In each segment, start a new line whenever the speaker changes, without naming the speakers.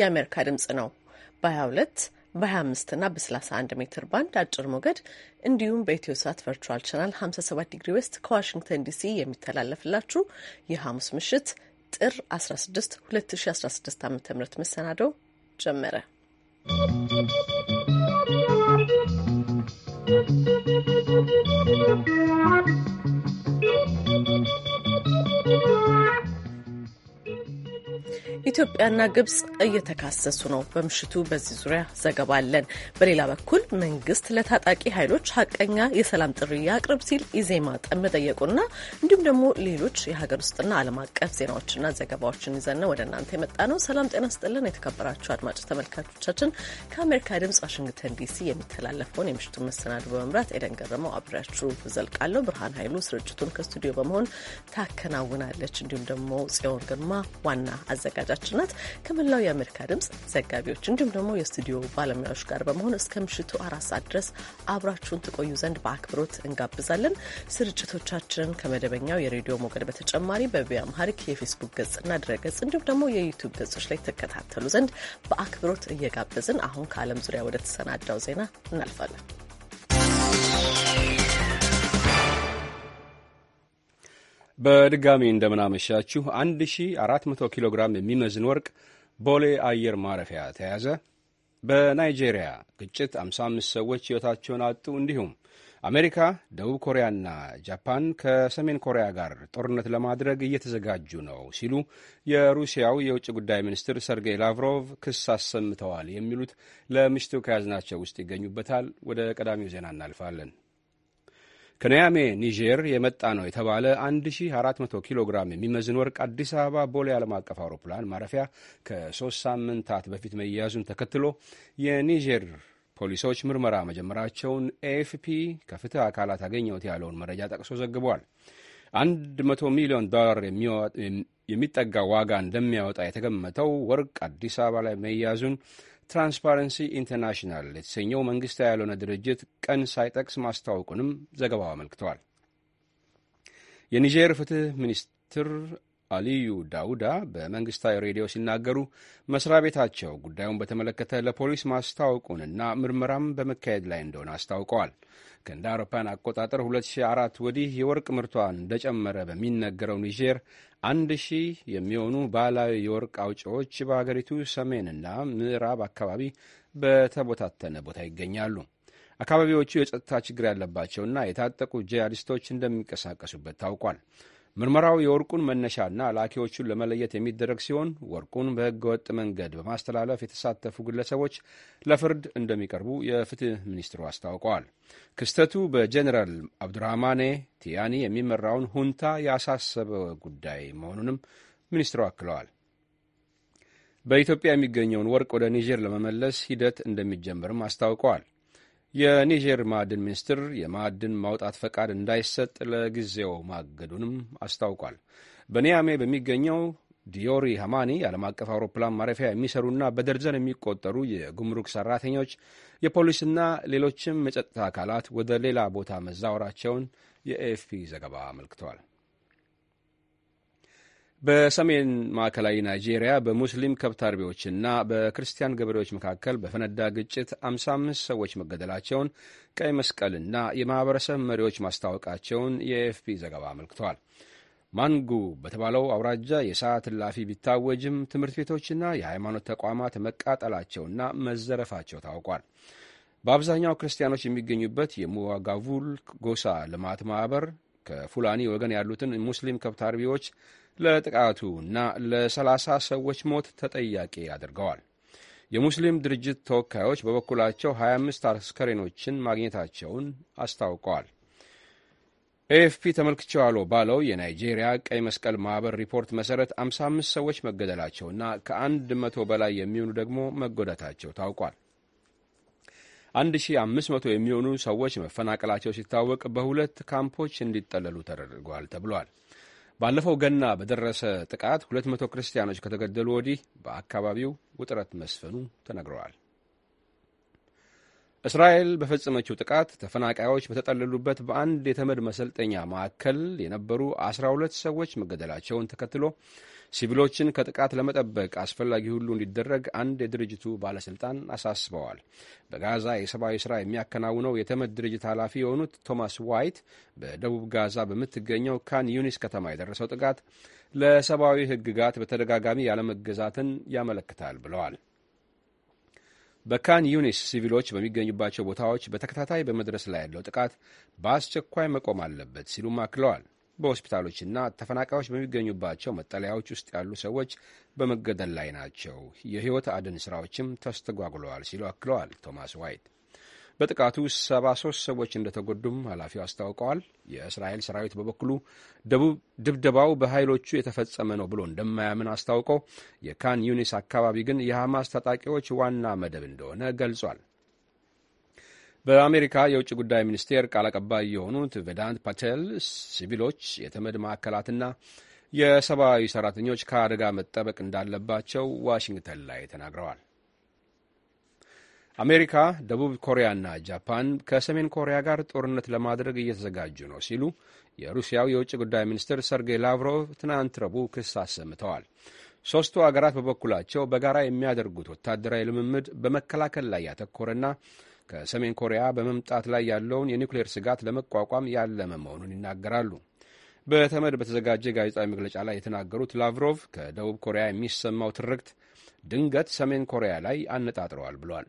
የአሜሪካ ድምጽ ነው። በ22 በ25 እና በ31 ሜትር ባንድ አጭር ሞገድ እንዲሁም በኢትዮ ሳት ቨርቹዋል ቻናል 57 ዲግሪ ዌስት ከዋሽንግተን ዲሲ የሚተላለፍላችሁ የሐሙስ ምሽት ጥር 16 2016 ዓ ም መሰናደው ጀመረ። ኢትዮጵያና ግብጽ እየተካሰሱ ነው። በምሽቱ በዚህ ዙሪያ ዘገባ አለን። በሌላ በኩል መንግስት ለታጣቂ ኃይሎች ሀቀኛ የሰላም ጥሪ ያቅርብ ሲል ኢዜማ መጠየቁና እንዲሁም ደግሞ ሌሎች የሀገር ውስጥና ዓለም አቀፍ ዜናዎችና ዘገባዎችን ይዘን ወደ እናንተ የመጣ ነው። ሰላም ጤና ስጥልን። የተከበራችሁ አድማጭ ተመልካቾቻችን ከአሜሪካ ድምጽ ዋሽንግተን ዲሲ የሚተላለፈውን የምሽቱን መሰናዱ በመምራት ኤደን ገረመው አብሬያችሁ ዘልቃለሁ። ብርሃን ኃይሉ ስርጭቱን ከስቱዲዮ በመሆን ታከናውናለች። እንዲሁም ደግሞ ጽዮን ግርማ ዋና አዘጋጃ ባልደረባችን ናት። ከመላው የአሜሪካ ድምፅ ዘጋቢዎች እንዲሁም ደግሞ የስቱዲዮ ባለሙያዎች ጋር በመሆን እስከ ምሽቱ አራት ሰዓት ድረስ አብራችሁን ትቆዩ ዘንድ በአክብሮት እንጋብዛለን። ስርጭቶቻችንን ከመደበኛው የሬዲዮ ሞገድ በተጨማሪ በቪኦኤ አምሃሪክ የፌስቡክ ገጽና ድረገጽ እንዲሁም ደግሞ የዩቱብ ገጾች ላይ ተከታተሉ ዘንድ በአክብሮት እየጋበዝን አሁን ከዓለም ዙሪያ ወደ ተሰናዳው ዜና እናልፋለን።
በድጋሚ እንደምናመሻችሁ 1400 ኪሎ ግራም የሚመዝን ወርቅ ቦሌ አየር ማረፊያ ተያዘ። በናይጄሪያ ግጭት 55 ሰዎች ሕይወታቸውን አጡ። እንዲሁም አሜሪካ፣ ደቡብ ኮሪያና ጃፓን ከሰሜን ኮሪያ ጋር ጦርነት ለማድረግ እየተዘጋጁ ነው ሲሉ የሩሲያው የውጭ ጉዳይ ሚኒስትር ሰርጌይ ላቭሮቭ ክስ አሰምተዋል። የሚሉት ለምሽቱ ከያዝናቸው ውስጥ ይገኙበታል። ወደ ቀዳሚው ዜና እናልፋለን። ከነያሜ ኒጀር የመጣ ነው የተባለ 1400 ኪሎ ግራም የሚመዝን ወርቅ አዲስ አበባ ቦሌ ዓለም አቀፍ አውሮፕላን ማረፊያ ከሶስት ሳምንታት በፊት መያዙን ተከትሎ የኒጀር ፖሊሶች ምርመራ መጀመራቸውን ኤኤፍፒ ከፍትህ አካላት አገኘሁት ያለውን መረጃ ጠቅሶ ዘግቧል። 100 ሚሊዮን ዶላር የሚጠጋ ዋጋ እንደሚያወጣ የተገመተው ወርቅ አዲስ አበባ ላይ መያዙን ትራንስፓረንሲ ኢንተርናሽናል የተሰኘው መንግሥታዊ ያልሆነ ድርጅት ቀን ሳይጠቅስ ማስታወቁንም ዘገባው አመልክተዋል። የኒጀር ፍትህ ሚኒስትር አልዩ ዳውዳ በመንግስታዊ ሬዲዮ ሲናገሩ መስሪያ ቤታቸው ጉዳዩን በተመለከተ ለፖሊስ ማስታወቁንና ምርመራም በመካሄድ ላይ እንደሆነ አስታውቀዋል። ከእንደ አውሮፓውያን አቆጣጠር 2004 ወዲህ የወርቅ ምርቷን እንደጨመረ በሚነገረው ኒጀር አንድ ሺህ የሚሆኑ ባህላዊ የወርቅ አውጪዎች በሀገሪቱ ሰሜንና ምዕራብ አካባቢ በተቦታተነ ቦታ ይገኛሉ። አካባቢዎቹ የጸጥታ ችግር ያለባቸውና የታጠቁ ጂሃዲስቶች እንደሚንቀሳቀሱበት ታውቋል። ምርመራው የወርቁን መነሻና ላኪዎቹን ለመለየት የሚደረግ ሲሆን ወርቁን በሕገ ወጥ መንገድ በማስተላለፍ የተሳተፉ ግለሰቦች ለፍርድ እንደሚቀርቡ የፍትህ ሚኒስትሩ አስታውቀዋል። ክስተቱ በጀኔራል አብዱራህማኔ ቲያኒ የሚመራውን ሁንታ ያሳሰበ ጉዳይ መሆኑንም ሚኒስትሩ አክለዋል። በኢትዮጵያ የሚገኘውን ወርቅ ወደ ኒጀር ለመመለስ ሂደት እንደሚጀምርም አስታውቀዋል። የኒጀር ማዕድን ሚኒስትር የማዕድን ማውጣት ፈቃድ እንዳይሰጥ ለጊዜው ማገዱንም አስታውቋል። በኒያሜ በሚገኘው ዲዮሪ ሃማኒ የዓለም አቀፍ አውሮፕላን ማረፊያ የሚሰሩና በደርዘን የሚቆጠሩ የጉምሩክ ሰራተኞች፣ የፖሊስና ሌሎችም የጸጥታ አካላት ወደ ሌላ ቦታ መዛወራቸውን የኤኤፍፒ ዘገባ አመልክተዋል። በሰሜን ማዕከላዊ ናይጄሪያ በሙስሊም ከብት አርቢዎችና በክርስቲያን ገበሬዎች መካከል በፈነዳ ግጭት 55 ሰዎች መገደላቸውን ቀይ መስቀልና የማኅበረሰብ መሪዎች ማስታወቃቸውን የኤፍፒ ዘገባ አመልክቷል። ማንጉ በተባለው አውራጃ የሰዓት እላፊ ቢታወጅም ትምህርት ቤቶችና የሃይማኖት ተቋማት መቃጠላቸውና መዘረፋቸው ታውቋል። በአብዛኛው ክርስቲያኖች የሚገኙበት የሙዋጋቡል ጎሳ ልማት ማኅበር ከፉላኒ ወገን ያሉትን ሙስሊም ከብት አርቢዎች ለጥቃቱ እና ለሰላሳ ሰዎች ሞት ተጠያቂ አድርገዋል። የሙስሊም ድርጅት ተወካዮች በበኩላቸው 25 አስከሬኖችን ማግኘታቸውን አስታውቀዋል። ኤኤፍፒ ተመልክቼዋለሁ ባለው የናይጄሪያ ቀይ መስቀል ማኅበር ሪፖርት መሠረት 55 ሰዎች መገደላቸውና ከ100 በላይ የሚሆኑ ደግሞ መጎዳታቸው ታውቋል። 1500 የሚሆኑ ሰዎች መፈናቀላቸው ሲታወቅ በሁለት ካምፖች እንዲጠለሉ ተደርጓል ተብሏል። ባለፈው ገና በደረሰ ጥቃት ሁለት መቶ ክርስቲያኖች ከተገደሉ ወዲህ በአካባቢው ውጥረት መስፈኑ ተነግረዋል። እስራኤል በፈጸመችው ጥቃት ተፈናቃዮች በተጠለሉበት በአንድ የተመድ መሰልጠኛ ማዕከል የነበሩ አስራ ሁለት ሰዎች መገደላቸውን ተከትሎ ሲቪሎችን ከጥቃት ለመጠበቅ አስፈላጊ ሁሉ እንዲደረግ አንድ የድርጅቱ ባለስልጣን አሳስበዋል። በጋዛ የሰብአዊ ስራ የሚያከናውነው የተመድ ድርጅት ኃላፊ የሆኑት ቶማስ ዋይት በደቡብ ጋዛ በምትገኘው ካን ዩኒስ ከተማ የደረሰው ጥቃት ለሰብአዊ ሕግጋት በተደጋጋሚ ያለመገዛትን ያመለክታል ብለዋል። በካን ዩኒስ ሲቪሎች በሚገኙባቸው ቦታዎች በተከታታይ በመድረስ ላይ ያለው ጥቃት በአስቸኳይ መቆም አለበት ሲሉም አክለዋል። በሆስፒታሎችና ተፈናቃዮች በሚገኙባቸው መጠለያዎች ውስጥ ያሉ ሰዎች በመገደል ላይ ናቸው። የህይወት አድን ስራዎችም ተስተጓጉለዋል ሲሉ አክለዋል ቶማስ ዋይት። በጥቃቱ 73 ሰዎች እንደተጎዱም ኃላፊው አስታውቀዋል። የእስራኤል ሰራዊት በበኩሉ ድብደባው በኃይሎቹ የተፈጸመ ነው ብሎ እንደማያምን አስታውቀው የካን ዩኒስ አካባቢ ግን የሐማስ ታጣቂዎች ዋና መደብ እንደሆነ ገልጿል። በአሜሪካ የውጭ ጉዳይ ሚኒስቴር ቃል አቀባይ የሆኑት ቬዳንት ፓቴል ሲቪሎች የተመድ ማዕከላትና የሰብአዊ ሰራተኞች ከአደጋ መጠበቅ እንዳለባቸው ዋሽንግተን ላይ ተናግረዋል። አሜሪካ፣ ደቡብ ኮሪያና ጃፓን ከሰሜን ኮሪያ ጋር ጦርነት ለማድረግ እየተዘጋጁ ነው ሲሉ የሩሲያው የውጭ ጉዳይ ሚኒስትር ሰርጌይ ላቭሮቭ ትናንት ረቡዕ ክስ አሰምተዋል። ሦስቱ አገራት በበኩላቸው በጋራ የሚያደርጉት ወታደራዊ ልምምድ በመከላከል ላይ ያተኮረና ከሰሜን ኮሪያ በመምጣት ላይ ያለውን የኒውክሌር ስጋት ለመቋቋም ያለመ መሆኑን ይናገራሉ። በተመድ በተዘጋጀ ጋዜጣዊ መግለጫ ላይ የተናገሩት ላቭሮቭ ከደቡብ ኮሪያ የሚሰማው ትርክት ድንገት ሰሜን ኮሪያ ላይ አነጣጥረዋል ብሏል።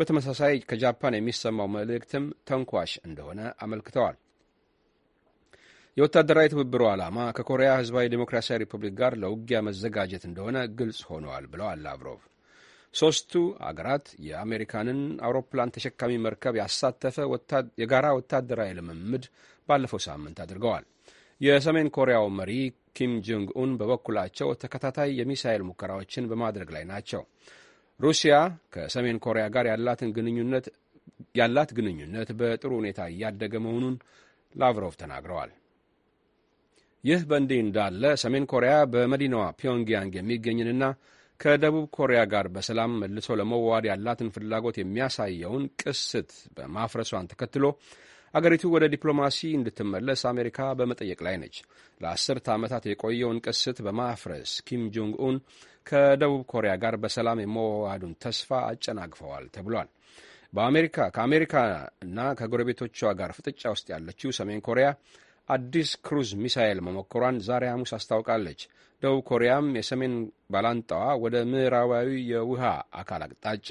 በተመሳሳይ ከጃፓን የሚሰማው መልእክትም ተንኳሽ እንደሆነ አመልክተዋል። የወታደራዊ ትብብሩ ዓላማ ከኮሪያ ሕዝባዊ ዴሞክራሲያዊ ሪፐብሊክ ጋር ለውጊያ መዘጋጀት እንደሆነ ግልጽ ሆነዋል ብለዋል ላቭሮቭ ሦስቱ አገራት የአሜሪካንን አውሮፕላን ተሸካሚ መርከብ ያሳተፈ የጋራ ወታደራዊ ልምምድ ባለፈው ሳምንት አድርገዋል። የሰሜን ኮሪያው መሪ ኪም ጆንግ ኡን በበኩላቸው ተከታታይ የሚሳኤል ሙከራዎችን በማድረግ ላይ ናቸው። ሩሲያ ከሰሜን ኮሪያ ጋር ያላትን ግንኙነት ያላት ግንኙነት በጥሩ ሁኔታ እያደገ መሆኑን ላቭሮቭ ተናግረዋል። ይህ በእንዲህ እንዳለ ሰሜን ኮሪያ በመዲናዋ ፒዮንግያንግ የሚገኝንና ከደቡብ ኮሪያ ጋር በሰላም መልሶ ለመዋዋድ ያላትን ፍላጎት የሚያሳየውን ቅስት በማፍረሷን ተከትሎ አገሪቱ ወደ ዲፕሎማሲ እንድትመለስ አሜሪካ በመጠየቅ ላይ ነች። ለአስርተ ዓመታት የቆየውን ቅስት በማፍረስ ኪም ጆንግ ኡን ከደቡብ ኮሪያ ጋር በሰላም የመዋሃዱን ተስፋ አጨናግፈዋል ተብሏል። በአሜሪካ ከአሜሪካና ከጎረቤቶቿ ጋር ፍጥጫ ውስጥ ያለችው ሰሜን ኮሪያ አዲስ ክሩዝ ሚሳኤል መሞከሯን ዛሬ ሐሙስ አስታውቃለች። ደቡብ ኮሪያም የሰሜን ባላንጣዋ ወደ ምዕራባዊ የውሃ አካል አቅጣጫ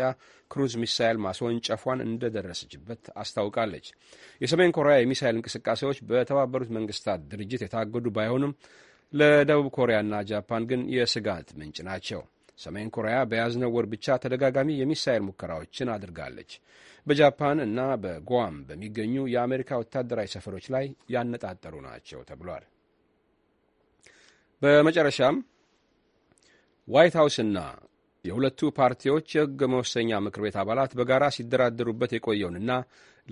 ክሩዝ ሚሳይል ማስወንጨፏን እንደደረሰችበት አስታውቃለች። የሰሜን ኮሪያ የሚሳይል እንቅስቃሴዎች በተባበሩት መንግስታት ድርጅት የታገዱ ባይሆንም ለደቡብ ኮሪያና ጃፓን ግን የስጋት ምንጭ ናቸው። ሰሜን ኮሪያ በያዝነው ወር ብቻ ተደጋጋሚ የሚሳይል ሙከራዎችን አድርጋለች። በጃፓን እና በጓም በሚገኙ የአሜሪካ ወታደራዊ ሰፈሮች ላይ ያነጣጠሩ ናቸው ተብሏል። በመጨረሻም ዋይት ሀውስና የሁለቱ ፓርቲዎች የሕግ መወሰኛ ምክር ቤት አባላት በጋራ ሲደራደሩበት የቆየውንና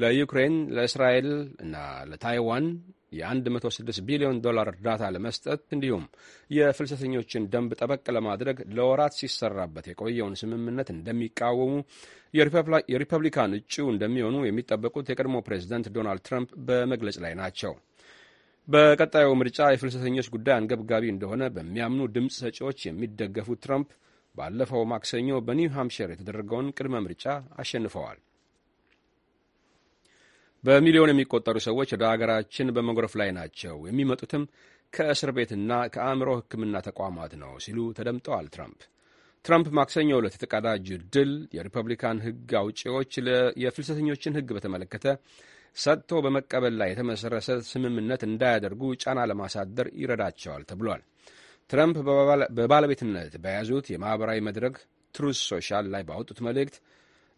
ለዩክሬን ለእስራኤል እና ለታይዋን የ106 ቢሊዮን ዶላር እርዳታ ለመስጠት እንዲሁም የፍልሰተኞችን ደንብ ጠበቅ ለማድረግ ለወራት ሲሰራበት የቆየውን ስምምነት እንደሚቃወሙ የሪፐብሊካን እጩ እንደሚሆኑ የሚጠበቁት የቀድሞ ፕሬዚደንት ዶናልድ ትራምፕ በመግለጽ ላይ ናቸው። በቀጣዩ ምርጫ የፍልሰተኞች ጉዳይ አንገብጋቢ እንደሆነ በሚያምኑ ድምፅ ሰጪዎች የሚደገፉት ትራምፕ ባለፈው ማክሰኞ በኒው ሃምፕሸር የተደረገውን ቅድመ ምርጫ አሸንፈዋል። በሚሊዮን የሚቆጠሩ ሰዎች ወደ አገራችን በመጎረፍ ላይ ናቸው፣ የሚመጡትም ከእስር ቤትና ከአእምሮ ሕክምና ተቋማት ነው ሲሉ ተደምጠዋል ትራምፕ። ትራምፕ ማክሰኞ ዕለት የተቀዳጁ ድል የሪፐብሊካን ሕግ አውጪዎች የፍልሰተኞችን ሕግ በተመለከተ ሰጥቶ በመቀበል ላይ የተመሰረሰ ስምምነት እንዳያደርጉ ጫና ለማሳደር ይረዳቸዋል ተብሏል። ትረምፕ በባለቤትነት በያዙት የማኅበራዊ መድረክ ትሩስ ሶሻል ላይ ባወጡት መልእክት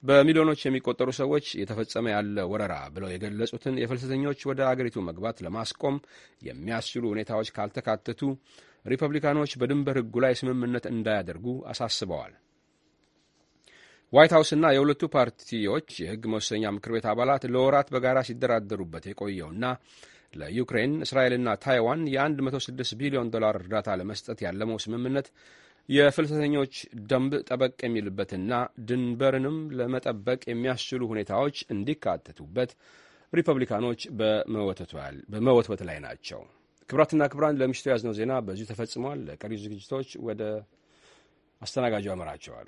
በሚሊዮኖች የሚቆጠሩ ሰዎች የተፈጸመ ያለ ወረራ ብለው የገለጹትን የፍልሰተኞች ወደ አገሪቱ መግባት ለማስቆም የሚያስችሉ ሁኔታዎች ካልተካተቱ ሪፐብሊካኖች በድንበር ሕጉ ላይ ስምምነት እንዳያደርጉ አሳስበዋል። ዋይት ሀውስና የሁለቱ ፓርቲዎች የህግ መወሰኛ ምክር ቤት አባላት ለወራት በጋራ ሲደራደሩበት የቆየውና ለዩክሬን እስራኤልና ታይዋን የ106 ቢሊዮን ዶላር እርዳታ ለመስጠት ያለመው ስምምነት የፍልሰተኞች ደንብ ጠበቅ የሚልበትና ድንበርንም ለመጠበቅ የሚያስችሉ ሁኔታዎች እንዲካተቱበት ሪፐብሊካኖች በመወትወት ላይ ናቸው። ክብራትና ክብራን ለምሽቱ የያዝነው ዜና በዚሁ ተፈጽሟል። ለቀሪ ዝግጅቶች ወደ አስተናጋጁ አመራቸዋሉ።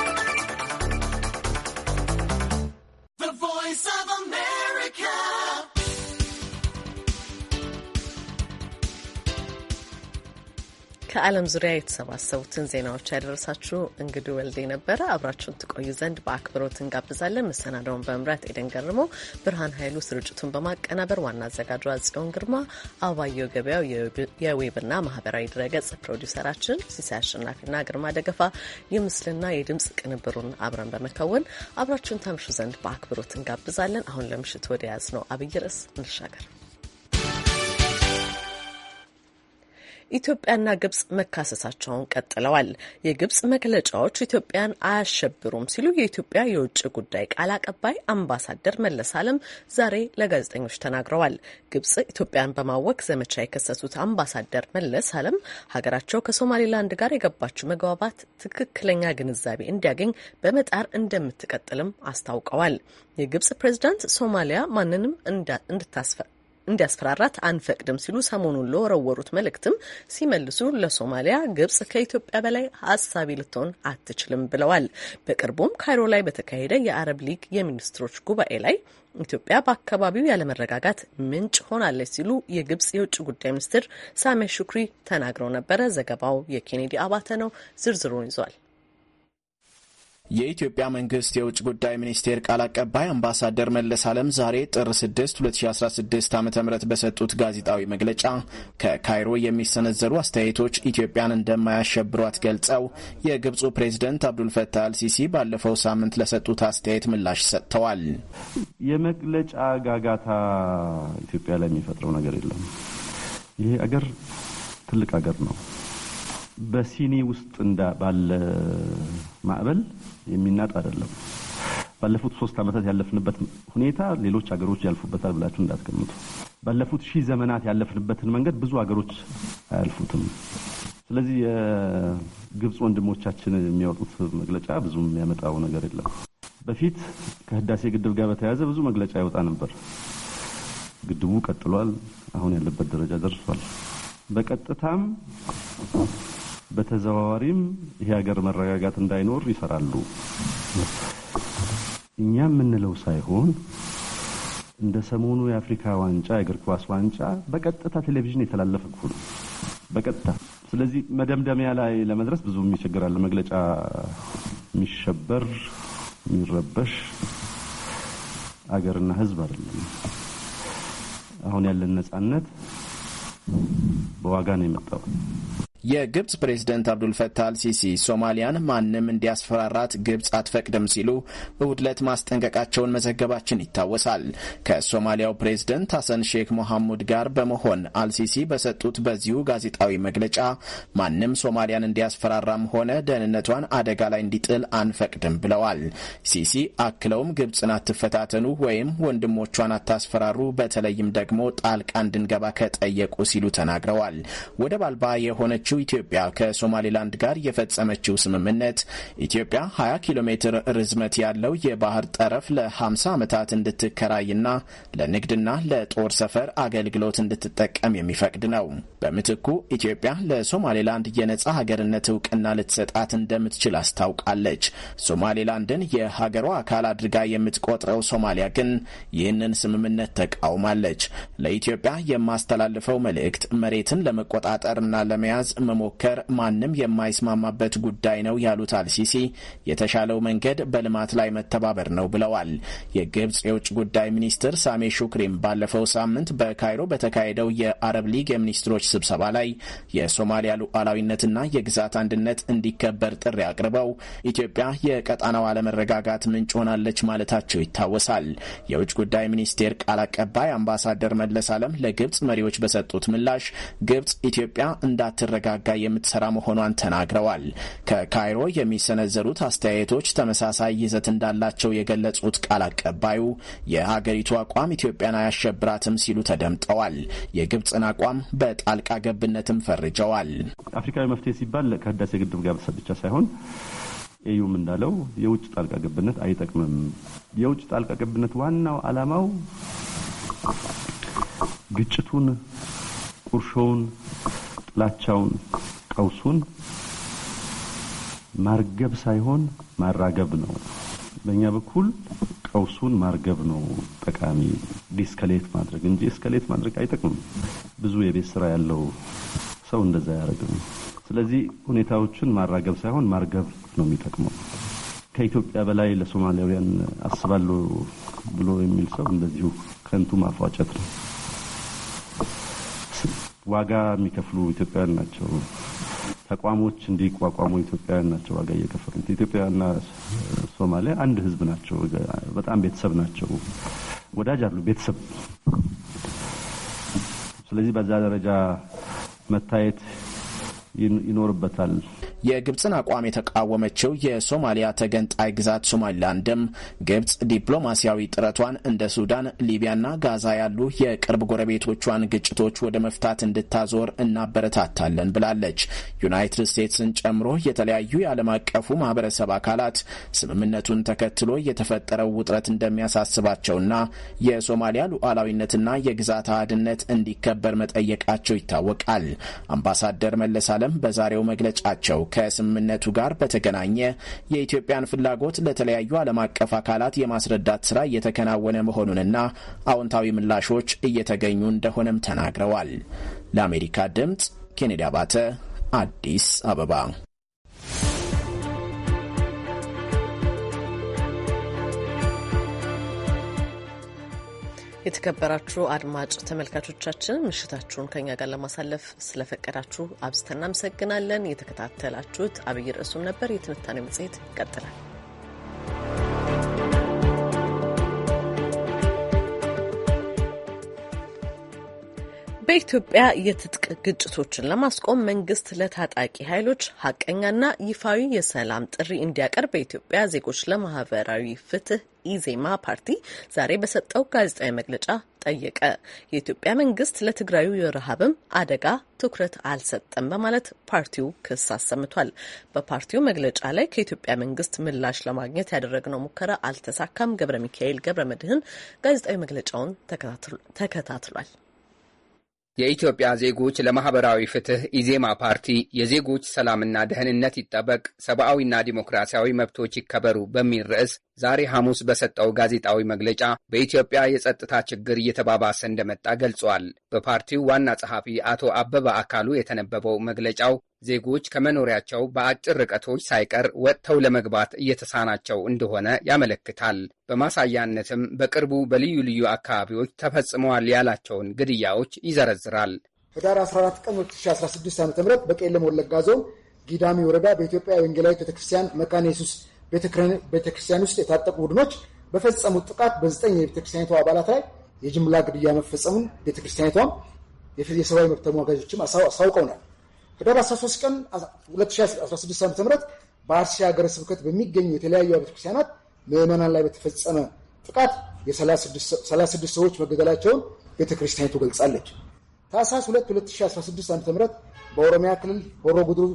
ከዓለም ዙሪያ የተሰባሰቡትን ዜናዎች ያደረሳችሁ እንግዱ ወልዴ ነበረ። አብራችሁን ትቆዩ ዘንድ በአክብሮት እንጋብዛለን። መሰናዳውን በመምራት ኤደን ገርመው፣ ብርሃን ኃይሉ ስርጭቱን በማቀናበር ዋና አዘጋጇ ጽዮን ግርማ፣ አባየው ገበያው የዌብና ማህበራዊ ድረገጽ ፕሮዲውሰራችን ሲሳይ አሸናፊና ግርማ ደገፋ የምስልና የድምፅ ቅንብሩን አብረን በመከወን አብራችሁን ታምሹ ዘንድ በአክብሮት እንጋብዛለን። አሁን ለምሽት ወደ ያዝ ነው አብይ ርዕስ እንሻገር። ኢትዮጵያና ግብጽ መካሰሳቸውን ቀጥለዋል። የግብጽ መግለጫዎች ኢትዮጵያን አያሸብሩም ሲሉ የኢትዮጵያ የውጭ ጉዳይ ቃል አቀባይ አምባሳደር መለስ አለም ዛሬ ለጋዜጠኞች ተናግረዋል። ግብጽ ኢትዮጵያን በማወክ ዘመቻ የከሰሱት አምባሳደር መለስ አለም ሀገራቸው ከሶማሌላንድ ጋር የገባችው መግባባት ትክክለኛ ግንዛቤ እንዲያገኝ በመጣር እንደምትቀጥልም አስታውቀዋል። የግብጽ ፕሬዚዳንት ሶማሊያ ማንንም እንድታስፈ እንዲያስፈራራት አንፈቅድም ሲሉ ሰሞኑን ለወረወሩት መልእክትም ሲመልሱ ለሶማሊያ ግብጽ ከኢትዮጵያ በላይ አሳቢ ልትሆን አትችልም ብለዋል። በቅርቡም ካይሮ ላይ በተካሄደ የአረብ ሊግ የሚኒስትሮች ጉባኤ ላይ ኢትዮጵያ በአካባቢው ያለመረጋጋት ምንጭ ሆናለች ሲሉ የግብጽ የውጭ ጉዳይ ሚኒስትር ሳሜ ሹክሪ ተናግረው ነበረ። ዘገባው የኬኔዲ አባተ ነው። ዝርዝሩን ይዟል።
የኢትዮጵያ መንግስት የውጭ ጉዳይ ሚኒስቴር ቃል አቀባይ አምባሳደር መለስ አለም ዛሬ ጥር 6 2016 ዓ ም በሰጡት ጋዜጣዊ መግለጫ ከካይሮ የሚሰነዘሩ አስተያየቶች ኢትዮጵያን እንደማያሸብሯት ገልጸው የግብፁ ፕሬዝደንት አብዱልፈታህ አልሲሲ ባለፈው ሳምንት ለሰጡት አስተያየት ምላሽ ሰጥተዋል። የመግለጫ ጋጋታ
ኢትዮጵያ ላይ የሚፈጥረው ነገር የለም። ይሄ አገር ትልቅ አገር ነው። በሲኒ ውስጥ ባለ ማዕበል የሚናጥ አይደለም። ባለፉት ሶስት ዓመታት ያለፍንበት ሁኔታ ሌሎች ሀገሮች ያልፉበታል ብላችሁ እንዳትገምቱ። ባለፉት ሺህ ዘመናት ያለፍንበትን መንገድ ብዙ ሀገሮች አያልፉትም። ስለዚህ የግብፅ ወንድሞቻችን የሚያወጡት መግለጫ ብዙ የሚያመጣው ነገር የለም። በፊት ከህዳሴ ግድብ ጋር በተያያዘ ብዙ መግለጫ ይወጣ ነበር። ግድቡ ቀጥሏል። አሁን ያለበት ደረጃ ደርሷል። በቀጥታም በተዘዋዋሪም ይሄ ሀገር መረጋጋት እንዳይኖር ይሰራሉ። እኛ የምንለው ሳይሆን እንደ ሰሞኑ የአፍሪካ ዋንጫ የእግር ኳስ ዋንጫ በቀጥታ ቴሌቪዥን የተላለፈ እኮ ነው፣ በቀጥታ ስለዚህ መደምደሚያ ላይ ለመድረስ ብዙ ይቸግራል። መግለጫ የሚሸበር የሚረበሽ አገርና ሕዝብ አይደለም። አሁን ያለን ነጻነት በዋጋ ነው የመጣው።
የግብጽ ፕሬዝደንት አብዱልፈታህ አልሲሲ ሶማሊያን ማንም እንዲያስፈራራት ግብጽ አትፈቅድም ሲሉ እሁድ ዕለት ማስጠንቀቃቸውን መዘገባችን ይታወሳል። ከሶማሊያው ፕሬዝደንት ሐሰን ሼክ ሞሐሙድ ጋር በመሆን አልሲሲ በሰጡት በዚሁ ጋዜጣዊ መግለጫ ማንም ሶማሊያን እንዲያስፈራራም ሆነ ደህንነቷን አደጋ ላይ እንዲጥል አንፈቅድም ብለዋል። ሲሲ አክለውም ግብጽን አትፈታተኑ ወይም ወንድሞቿን አታስፈራሩ፣ በተለይም ደግሞ ጣልቃ እንድንገባ ከጠየቁ ሲሉ ተናግረዋል። ወደብ አልባ የሆነች የሆነችው ኢትዮጵያ ከሶማሌላንድ ጋር የፈጸመችው ስምምነት ኢትዮጵያ 20 ኪሎ ሜትር ርዝመት ያለው የባህር ጠረፍ ለ50 ዓመታት እንድትከራይና ለንግድና ለጦር ሰፈር አገልግሎት እንድትጠቀም የሚፈቅድ ነው። በምትኩ ኢትዮጵያ ለሶማሌላንድ የነጻ ሀገርነት እውቅና ልትሰጣት እንደምትችል አስታውቃለች። ሶማሌላንድን የሀገሯ አካል አድርጋ የምትቆጥረው ሶማሊያ ግን ይህንን ስምምነት ተቃውማለች። ለኢትዮጵያ የማስተላልፈው መልእክት መሬትን ለመቆጣጠርና ለመያዝ መሞከር ማንም የማይስማማበት ጉዳይ ነው ያሉት አልሲሲ የተሻለው መንገድ በልማት ላይ መተባበር ነው ብለዋል። የግብጽ የውጭ ጉዳይ ሚኒስትር ሳሜ ሹክሪም ባለፈው ሳምንት በካይሮ በተካሄደው የአረብ ሊግ የሚኒስትሮች ስብሰባ ላይ የሶማሊያ ሉዓላዊነትና የግዛት አንድነት እንዲከበር ጥሪ አቅርበው ኢትዮጵያ የቀጣናው አለመረጋጋት ምንጭ ሆናለች ማለታቸው ይታወሳል። የውጭ ጉዳይ ሚኒስቴር ቃል አቀባይ አምባሳደር መለስ አለም ለግብጽ መሪዎች በሰጡት ምላሽ ግብጽ ኢትዮጵያ እንዳትረጋ እንዲረጋጋ የምትሰራ መሆኗን ተናግረዋል። ከካይሮ የሚሰነዘሩት አስተያየቶች ተመሳሳይ ይዘት እንዳላቸው የገለጹት ቃል አቀባዩ የሀገሪቱ አቋም ኢትዮጵያን አያሸብራትም ሲሉ ተደምጠዋል። የግብፅን አቋም በጣልቃ ገብነትም ፈርጀዋል። አፍሪካዊ መፍትሄ ሲባል ከህዳሴ ግድብ ጋር ብቻ ሳይሆን
ኤዩም እንዳለው የውጭ ጣልቃ ገብነት አይጠቅምም። የውጭ ጣልቃ ገብነት ዋናው አላማው ግጭቱን፣ ቁርሾውን ጥላቻውን፣ ቀውሱን ማርገብ ሳይሆን ማራገብ ነው። በእኛ በኩል ቀውሱን ማርገብ ነው ጠቃሚ፣ ዲስከሌት ማድረግ እንጂ እስከሌት ማድረግ አይጠቅምም። ብዙ የቤት ስራ ያለው ሰው እንደዛ ያደርግም። ስለዚህ ሁኔታዎችን ማራገብ ሳይሆን ማርገብ ነው የሚጠቅመው። ከኢትዮጵያ በላይ ለሶማሊያውያን አስባለሁ ብሎ የሚል ሰው እንደዚሁ ከንቱ ማፏጨት ነው። ዋጋ የሚከፍሉ ኢትዮጵያውያን ናቸው። ተቋሞች እንዲቋቋሙ ኢትዮጵያውያን ናቸው ዋጋ እየከፈሉ ኢትዮጵያና ሶማሊያ አንድ ህዝብ ናቸው። በጣም ቤተሰብ ናቸው። ወዳጅ አሉ፣ ቤተሰብ። ስለዚህ በዛ ደረጃ
መታየት ይኖርበታል። የግብፅን አቋም የተቃወመችው የሶማሊያ ተገንጣይ ግዛት ሶማሊላንድም ግብፅ ዲፕሎማሲያዊ ጥረቷን እንደ ሱዳን፣ ሊቢያና ጋዛ ያሉ የቅርብ ጎረቤቶቿን ግጭቶች ወደ መፍታት እንድታዞር እናበረታታለን ብላለች። ዩናይትድ ስቴትስን ጨምሮ የተለያዩ የዓለም አቀፉ ማህበረሰብ አካላት ስምምነቱን ተከትሎ የተፈጠረው ውጥረት እንደሚያሳስባቸውና የሶማሊያ ሉዓላዊነትና የግዛት አህድነት እንዲከበር መጠየቃቸው ይታወቃል። አምባሳደር መለስ አለም በዛሬው መግለጫቸው ከስምምነቱ ጋር በተገናኘ የኢትዮጵያን ፍላጎት ለተለያዩ ዓለም አቀፍ አካላት የማስረዳት ስራ እየተከናወነ መሆኑንና አዎንታዊ ምላሾች እየተገኙ እንደሆነም ተናግረዋል። ለአሜሪካ ድምፅ ኬኔዲ አባተ አዲስ አበባ
የተከበራችሁ አድማጭ ተመልካቾቻችን ምሽታችሁን ከኛ ጋር ለማሳለፍ ስለፈቀዳችሁ አብዝተን እናመሰግናለን። የተከታተላችሁት አብይ ርዕሱም ነበር። የትንታኔ መጽሔት ይቀጥላል። በኢትዮጵያ የትጥቅ ግጭቶችን ለማስቆም መንግስት ለታጣቂ ኃይሎች ሀቀኛና ይፋዊ የሰላም ጥሪ እንዲያቀርብ በኢትዮጵያ ዜጎች ለማህበራዊ ፍትህ ኢዜማ ፓርቲ ዛሬ በሰጠው ጋዜጣዊ መግለጫ ጠየቀ። የኢትዮጵያ መንግስት ለትግራዩ የረሃብም አደጋ ትኩረት አልሰጠም በማለት ፓርቲው ክስ አሰምቷል። በፓርቲው መግለጫ ላይ ከኢትዮጵያ መንግስት ምላሽ ለማግኘት ያደረግነው ሙከራ አልተሳካም። ገብረ ሚካኤል ገብረ መድህን ጋዜጣዊ መግለጫውን ተከታትሏል።
የኢትዮጵያ ዜጎች ለማህበራዊ ፍትህ ኢዜማ ፓርቲ የዜጎች ሰላምና ደህንነት ይጠበቅ፣ ሰብአዊና ዲሞክራሲያዊ መብቶች ይከበሩ በሚል ርዕስ ዛሬ ሐሙስ በሰጠው ጋዜጣዊ መግለጫ በኢትዮጵያ የጸጥታ ችግር እየተባባሰ እንደመጣ ገልጿል። በፓርቲው ዋና ጸሐፊ አቶ አበበ አካሉ የተነበበው መግለጫው ዜጎች ከመኖሪያቸው በአጭር ርቀቶች ሳይቀር ወጥተው ለመግባት እየተሳናቸው እንደሆነ ያመለክታል። በማሳያነትም በቅርቡ በልዩ ልዩ አካባቢዎች ተፈጽመዋል ያላቸውን ግድያዎች ይዘረዝራል። ህዳር
14 ቀን 2016 ዓ ም በቄለም ወለጋ ዞን ጊዳሚ ወረዳ በኢትዮጵያ ወንጌላዊት ቤተክርስቲያን መካነ ኢየሱስ ቤተክርስቲያን ውስጥ የታጠቁ ቡድኖች በፈጸሙት ጥቃት በዘጠኝ የቤተክርስቲያኒቷ አባላት ላይ የጅምላ ግድያ መፈጸሙን ቤተክርስቲያኒቷም የሰብአዊ መብት ተሟጋጆችም አሳውቀውናል ህዳር 13 ቀን 2016 ም በአርሲ ሀገረ ስብከት በሚገኙ የተለያዩ ቤተክርስቲያናት ምዕመናን ላይ በተፈጸመ ጥቃት የ36 ሰዎች መገደላቸውን ቤተክርስቲያኒቱ ገልጻለች። ታህሳስ 2 2016 ዓ.ም በኦሮሚያ ክልል ሆሮ ጉድሩ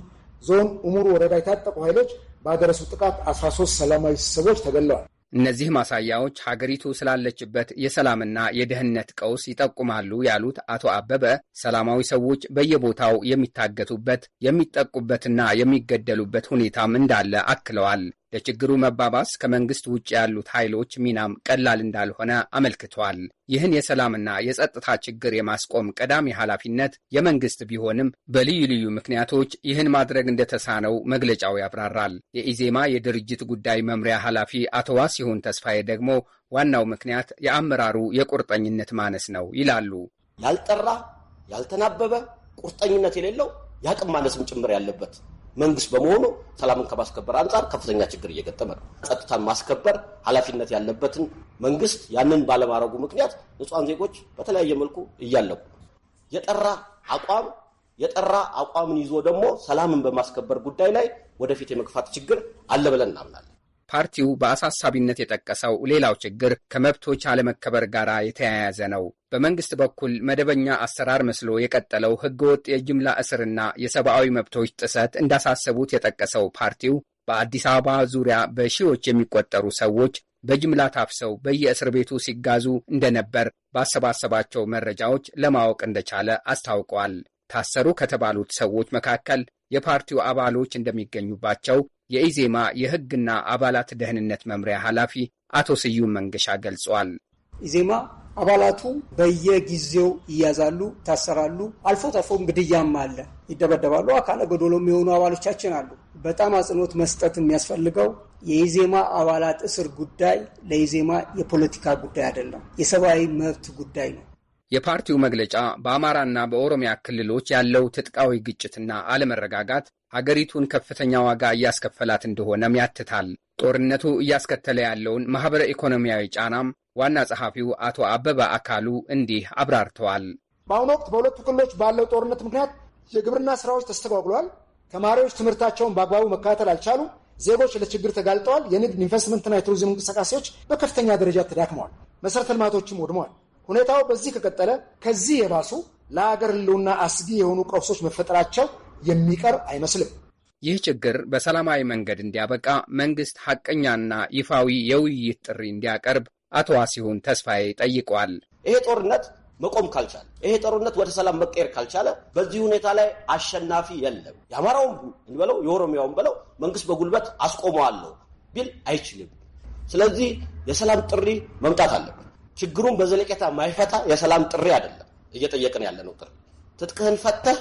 ዞን እሙሩ ወረዳ የታጠቁ ኃይሎች ባደረሱት ጥቃት 13 ሰላማዊ ሰዎች ተገለዋል።
እነዚህ ማሳያዎች ሀገሪቱ ስላለችበት የሰላምና የደህንነት ቀውስ ይጠቁማሉ ያሉት አቶ አበበ ሰላማዊ ሰዎች በየቦታው የሚታገቱበት የሚጠቁበትና የሚገደሉበት ሁኔታም እንዳለ አክለዋል። የችግሩ መባባስ ከመንግስት ውጭ ያሉት ኃይሎች ሚናም ቀላል እንዳልሆነ አመልክቷል። ይህን የሰላምና የጸጥታ ችግር የማስቆም ቀዳሚ ኃላፊነት የመንግስት ቢሆንም በልዩ ልዩ ምክንያቶች ይህን ማድረግ እንደተሳነው መግለጫው ያብራራል። የኢዜማ የድርጅት ጉዳይ መምሪያ ኃላፊ አቶ ዋሲሁን ተስፋዬ ደግሞ ዋናው ምክንያት የአመራሩ የቁርጠኝነት ማነስ ነው ይላሉ።
ያልጠራ፣ ያልተናበበ፣ ቁርጠኝነት የሌለው የአቅም ማነስም ጭምር ያለበት መንግስት በመሆኑ ሰላምን ከማስከበር አንጻር ከፍተኛ ችግር እየገጠመ ነው። ጸጥታን ማስከበር ኃላፊነት ያለበትን መንግስት ያንን ባለማድረጉ ምክንያት ንጹሐን ዜጎች በተለያየ መልኩ እያለቁ የጠራ አቋም የጠራ አቋምን ይዞ ደግሞ ሰላምን በማስከበር ጉዳይ ላይ ወደፊት የመግፋት ችግር
አለ ብለን እናምናለን። ፓርቲው በአሳሳቢነት የጠቀሰው ሌላው ችግር ከመብቶች አለመከበር ጋር የተያያዘ ነው። በመንግስት በኩል መደበኛ አሰራር መስሎ የቀጠለው ህገወጥ የጅምላ እስርና የሰብአዊ መብቶች ጥሰት እንዳሳሰቡት የጠቀሰው ፓርቲው በአዲስ አበባ ዙሪያ በሺዎች የሚቆጠሩ ሰዎች በጅምላ ታፍሰው በየእስር ቤቱ ሲጋዙ እንደነበር ባሰባሰባቸው መረጃዎች ለማወቅ እንደቻለ አስታውቋል። ታሰሩ ከተባሉት ሰዎች መካከል የፓርቲው አባሎች እንደሚገኙባቸው የኢዜማ የሕግና አባላት ደህንነት መምሪያ ኃላፊ አቶ ስዩም መንገሻ ገልጿል።
ኢዜማ አባላቱ በየጊዜው ይያዛሉ፣ ይታሰራሉ። አልፎ ተርፎም ግድያም አለ። ይደበደባሉ። አካለ ጎዶሎ የሆኑ አባሎቻችን አሉ። በጣም አጽንኦት መስጠት የሚያስፈልገው የኢዜማ አባላት እስር ጉዳይ ለኢዜማ የፖለቲካ ጉዳይ አይደለም፣ የሰብአዊ መብት ጉዳይ ነው።
የፓርቲው መግለጫ በአማራና በኦሮሚያ ክልሎች ያለው ትጥቃዊ ግጭትና አለመረጋጋት አገሪቱን ከፍተኛ ዋጋ እያስከፈላት እንደሆነም ያትታል። ጦርነቱ እያስከተለ ያለውን ማኅበረ ኢኮኖሚያዊ ጫናም ዋና ጸሐፊው አቶ አበበ አካሉ እንዲህ አብራርተዋል።
በአሁኑ ወቅት በሁለቱ ክልሎች ባለው ጦርነት ምክንያት የግብርና ስራዎች ተስተጓጉለዋል። ተማሪዎች ትምህርታቸውን በአግባቡ መከታተል አልቻሉም። ዜጎች ለችግር ተጋልጠዋል። የንግድ ኢንቨስትመንትና የቱሪዝም እንቅስቃሴዎች በከፍተኛ ደረጃ ተዳክመዋል። መሠረተ ልማቶችም ወድመዋል። ሁኔታው በዚህ ከቀጠለ ከዚህ የባሱ ለአገር ህልውና አስጊ
የሆኑ ቀውሶች መፈጠራቸው የሚቀር አይመስልም። ይህ ችግር በሰላማዊ መንገድ እንዲያበቃ መንግስት ሐቀኛና ይፋዊ የውይይት ጥሪ እንዲያቀርብ አቶ ዋሲሁን ተስፋዬ ጠይቋል።
ይሄ ጦርነት መቆም ካልቻለ ይሄ ጦርነት ወደ ሰላም መቀየር ካልቻለ በዚህ ሁኔታ ላይ አሸናፊ የለም። የአማራውን እንበለው የኦሮሚያውን በለው መንግስት በጉልበት አስቆመዋለሁ ቢል አይችልም። ስለዚህ የሰላም ጥሪ መምጣት አለበት። ችግሩን በዘለቄታ ማይፈታ የሰላም ጥሪ አይደለም እየጠየቅን ያለነው ጥሪ ትጥቅህን ፈተህ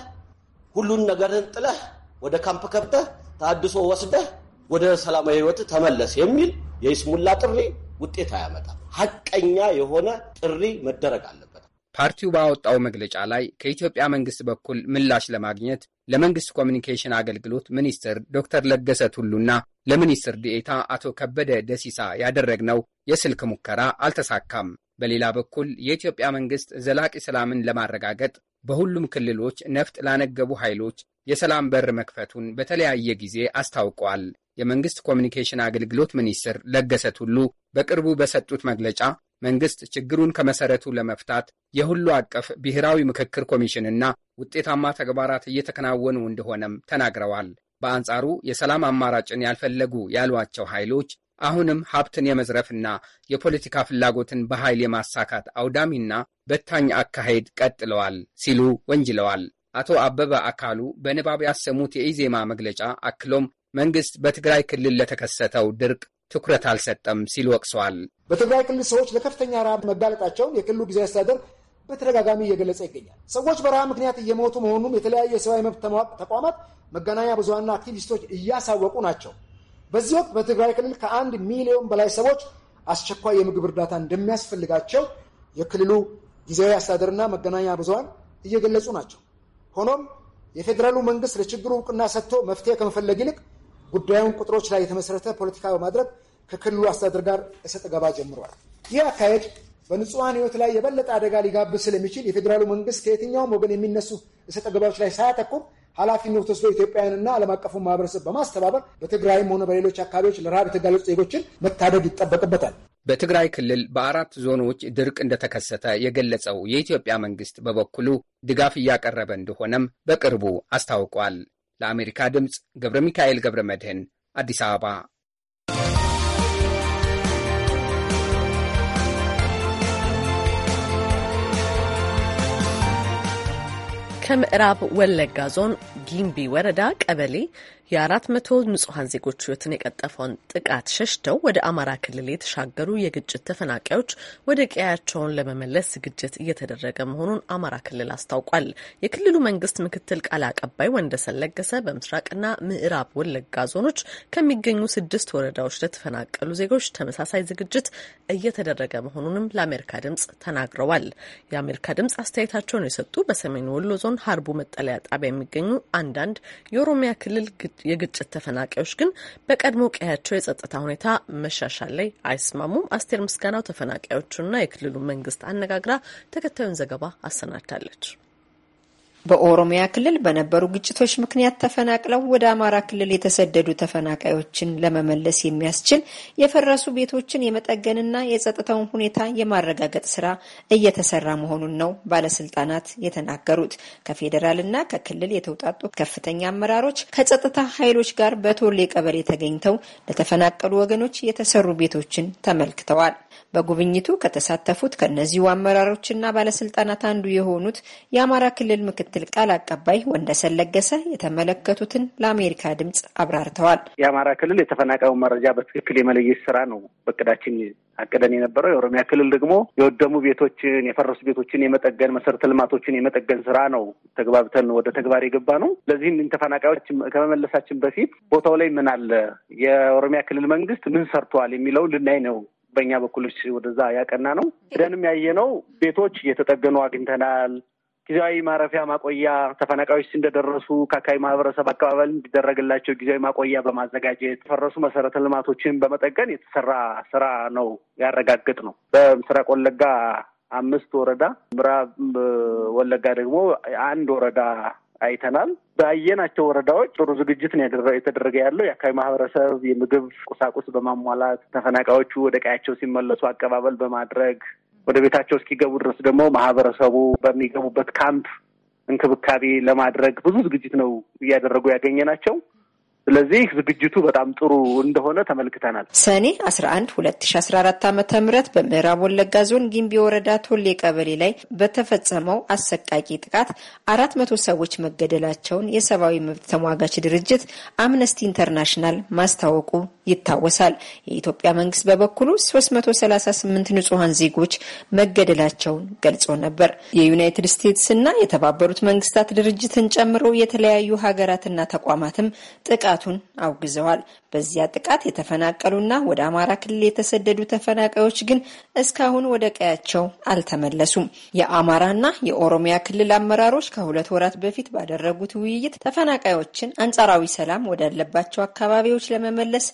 ሁሉን ነገርን ጥለህ ወደ ካምፕ ከብተህ ታድሶ ወስደህ
ወደ ሰላማዊ ህይወት ተመለስ የሚል
የይስሙላ ጥሪ ውጤት አያመጣም። ሀቀኛ
የሆነ ጥሪ መደረግ አለበት። ፓርቲው ባወጣው መግለጫ ላይ ከኢትዮጵያ መንግስት በኩል ምላሽ ለማግኘት ለመንግስት ኮሚኒኬሽን አገልግሎት ሚኒስትር ዶክተር ለገሰ ቱሉና ለሚኒስትር ዲኤታ አቶ ከበደ ደሲሳ ያደረግነው የስልክ ሙከራ አልተሳካም። በሌላ በኩል የኢትዮጵያ መንግስት ዘላቂ ሰላምን ለማረጋገጥ በሁሉም ክልሎች ነፍጥ ላነገቡ ኃይሎች የሰላም በር መክፈቱን በተለያየ ጊዜ አስታውቋል። የመንግስት ኮሚኒኬሽን አገልግሎት ሚኒስትር ለገሰ ቱሉ በቅርቡ በሰጡት መግለጫ መንግስት ችግሩን ከመሠረቱ ለመፍታት የሁሉ አቀፍ ብሔራዊ ምክክር ኮሚሽንና ውጤታማ ተግባራት እየተከናወኑ እንደሆነም ተናግረዋል። በአንጻሩ የሰላም አማራጭን ያልፈለጉ ያሏቸው ኃይሎች አሁንም ሀብትን የመዝረፍና የፖለቲካ ፍላጎትን በኃይል የማሳካት አውዳሚና በታኝ አካሄድ ቀጥለዋል ሲሉ ወንጅለዋል። አቶ አበበ አካሉ በንባብ ያሰሙት የኢዜማ መግለጫ አክሎም መንግስት በትግራይ ክልል ለተከሰተው ድርቅ ትኩረት አልሰጠም ሲል ወቅሰዋል።
በትግራይ ክልል ሰዎች ለከፍተኛ ረሃብ መጋለጣቸውን የክልሉ ጊዜያዊ አስተዳደር በተደጋጋሚ እየገለጸ ይገኛል። ሰዎች በረሃብ ምክንያት እየሞቱ መሆኑም የተለያዩ የሰብአዊ መብት ተቋማት፣ መገናኛ ብዙሃንና አክቲቪስቶች እያሳወቁ ናቸው። በዚህ ወቅት በትግራይ ክልል ከአንድ ሚሊዮን በላይ ሰዎች አስቸኳይ የምግብ እርዳታ እንደሚያስፈልጋቸው የክልሉ ጊዜያዊ አስተዳደርና መገናኛ ብዙሀን እየገለጹ ናቸው። ሆኖም የፌዴራሉ መንግስት ለችግሩ እውቅና ሰጥቶ መፍትሄ ከመፈለግ ይልቅ ጉዳዩን ቁጥሮች ላይ የተመሰረተ ፖለቲካ በማድረግ ከክልሉ አስተዳደር ጋር እሰጥ ገባ ጀምሯል። ይህ አካሄድ በንጹሐን ህይወት ላይ የበለጠ አደጋ ሊጋብስ ስለሚችል የፌዴራሉ መንግስት ከየትኛውም ወገን የሚነሱ እሰጥ ገባዎች ላይ ሳያተኩር ኃላፊነት ወስዶ ኢትዮጵያውያንና ዓለም አቀፉ ማህበረሰብ በማስተባበር በትግራይም ሆነ በሌሎች አካባቢዎች ለረሃብ የተጋለጡ ዜጎችን መታደግ
ይጠበቅበታል። በትግራይ ክልል በአራት ዞኖች ድርቅ እንደተከሰተ የገለጸው የኢትዮጵያ መንግስት በበኩሉ ድጋፍ እያቀረበ እንደሆነም በቅርቡ አስታውቋል። ለአሜሪካ ድምፅ ገብረ ሚካኤል ገብረ መድህን አዲስ አበባ
ከምዕራብ ወለጋ ዞን ጊምቢ ወረዳ ቀበሌ የአራት መቶ ንጹሐን ዜጎች ህይወትን የቀጠፈውን ጥቃት ሸሽተው ወደ አማራ ክልል የተሻገሩ የግጭት ተፈናቃዮች ወደ ቀያቸውን ለመመለስ ዝግጅት እየተደረገ መሆኑን አማራ ክልል አስታውቋል። የክልሉ መንግስት ምክትል ቃል አቀባይ ወንደሰን ለገሰ በምስራቅና ምዕራብ ወለጋ ዞኖች ከሚገኙ ስድስት ወረዳዎች ለተፈናቀሉ ዜጎች ተመሳሳይ ዝግጅት እየተደረገ መሆኑንም ለአሜሪካ ድምጽ ተናግረዋል። የአሜሪካ ድምጽ አስተያየታቸውን የሰጡ በሰሜን ወሎ ዞን ሀርቡ መጠለያ ጣቢያ የሚገኙ አንዳንድ የኦሮሚያ ክልል የግጭት ተፈናቃዮች ግን በቀድሞ ቀያቸው የጸጥታ ሁኔታ መሻሻል ላይ አይስማሙም። አስቴር ምስጋናው ተፈናቃዮቹና የክልሉ መንግስት አነጋግራ ተከታዩን ዘገባ አሰናድታለች።
በኦሮሚያ ክልል በነበሩ ግጭቶች ምክንያት ተፈናቅለው ወደ አማራ ክልል የተሰደዱ ተፈናቃዮችን ለመመለስ የሚያስችል የፈረሱ ቤቶችን የመጠገንና የጸጥታውን ሁኔታ የማረጋገጥ ስራ እየተሰራ መሆኑን ነው ባለስልጣናት የተናገሩት። ከፌዴራልና ከክልል የተውጣጡ ከፍተኛ አመራሮች ከጸጥታ ኃይሎች ጋር በቶሌ ቀበሌ ተገኝተው ለተፈናቀሉ ወገኖች የተሰሩ ቤቶችን ተመልክተዋል። በጉብኝቱ ከተሳተፉት ከእነዚሁ አመራሮችና ባለስልጣናት አንዱ የሆኑት የአማራ ክልል ምክትል ቃል አቀባይ ወንደሰን ለገሰ የተመለከቱትን ለአሜሪካ ድምፅ አብራርተዋል።
የአማራ ክልል
የተፈናቃዩን መረጃ በትክክል የመለየት ስራ ነው በቅዳችን አቅደን የነበረው። የኦሮሚያ ክልል ደግሞ የወደሙ ቤቶችን የፈረሱ ቤቶችን የመጠገን መሰረተ ልማቶችን የመጠገን ስራ ነው ተግባብተን ወደ ተግባር የገባ ነው። ለዚህም ተፈናቃዮች ከመመለሳችን በፊት ቦታው ላይ ምን አለ፣ የኦሮሚያ ክልል መንግስት ምን ሰርቷል የሚለው ልናይ ነው በእኛ በኩል ወደዛ ያቀና ነው። ደንም ያየ ነው። ቤቶች እየተጠገኑ አግኝተናል። ጊዜያዊ ማረፊያ ማቆያ ተፈናቃዮች እንደደረሱ ከአካባቢ ማህበረሰብ አቀባበል እንዲደረግላቸው ጊዜያዊ ማቆያ በማዘጋጀት የፈረሱ መሰረተ ልማቶችን በመጠገን የተሰራ ስራ ነው ያረጋግጥ ነው። በምስራቅ ወለጋ አምስት ወረዳ፣ ምዕራብ ወለጋ ደግሞ አንድ ወረዳ አይተናል። ባየናቸው ወረዳዎች ጥሩ ዝግጅት የተደረገ ያለው። የአካባቢ ማህበረሰብ የምግብ ቁሳቁስ በማሟላት ተፈናቃዮቹ ወደ ቀያቸው ሲመለሱ አቀባበል በማድረግ ወደ ቤታቸው እስኪገቡ ድረስ ደግሞ ማህበረሰቡ በሚገቡበት ካምፕ እንክብካቤ ለማድረግ ብዙ ዝግጅት ነው እያደረጉ ያገኘ ናቸው። ስለዚህ ዝግጅቱ በጣም ጥሩ እንደሆነ ተመልክተናል።
ሰኔ አስራ አንድ ሁለት ሺ አስራ አራት በምዕራብ ወለጋ ዞን ጊምቢ ወረዳ ቶሌ ቀበሌ ላይ በተፈጸመው አሰቃቂ ጥቃት አራት መቶ ሰዎች መገደላቸውን የሰብአዊ መብት ተሟጋች ድርጅት አምነስቲ ኢንተርናሽናል ማስታወቁ ይታወሳል። የኢትዮጵያ መንግስት በበኩሉ 338 ንጹሐን ዜጎች መገደላቸውን ገልጾ ነበር። የዩናይትድ እና የተባበሩት መንግስታት ድርጅትን ጨምሮ የተለያዩ ሀገራትና ተቋማትም ጥቃት ጥቃቱን አውግዘዋል። በዚያ ጥቃት የተፈናቀሉና ወደ አማራ ክልል የተሰደዱ ተፈናቃዮች ግን እስካሁን ወደ ቀያቸው አልተመለሱም። የአማራና የኦሮሚያ ክልል አመራሮች ከሁለት ወራት በፊት ባደረጉት ውይይት ተፈናቃዮችን አንጻራዊ ሰላም ወዳለባቸው አካባቢዎች ለመመለስ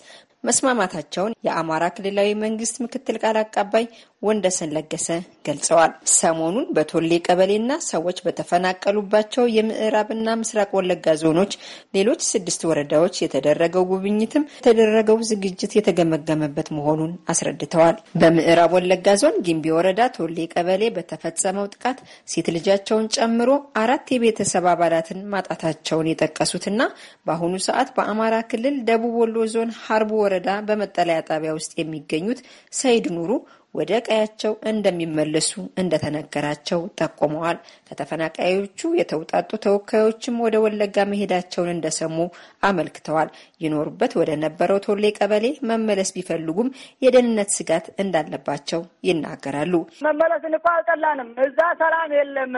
መስማማታቸውን የአማራ ክልላዊ መንግስት ምክትል ቃል አቀባይ ወንደሰን ለገሰ ገልጸዋል። ሰሞኑን በቶሌ ቀበሌና ሰዎች በተፈናቀሉባቸው የምዕራብና ምስራቅ ወለጋ ዞኖች ሌሎች ስድስት ወረዳዎች የተደረገው ጉብኝትም የተደረገው ዝግጅት የተገመገመበት መሆኑን አስረድተዋል። በምዕራብ ወለጋ ዞን ጊምቢ ወረዳ ቶሌ ቀበሌ በተፈጸመው ጥቃት ሴት ልጃቸውን ጨምሮ አራት የቤተሰብ አባላትን ማጣታቸውን የጠቀሱትና በአሁኑ ሰዓት በአማራ ክልል ደቡብ ወሎ ዞን ሀርቡ ወረዳ በመጠለያ ጣቢያ ውስጥ የሚገኙት ሰይድ ኑሩ ወደ ቀያቸው እንደሚመለሱ እንደተነገራቸው ጠቁመዋል። ከተፈናቃዮቹ የተውጣጡ ተወካዮችም ወደ ወለጋ መሄዳቸውን እንደሰሙ አመልክተዋል። ይኖሩበት ወደ ነበረው ቶሌ ቀበሌ መመለስ ቢፈልጉም የደህንነት ስጋት እንዳለባቸው ይናገራሉ።
መመለስ እንኳ አልጠላንም። እዛ ሰላም የለም።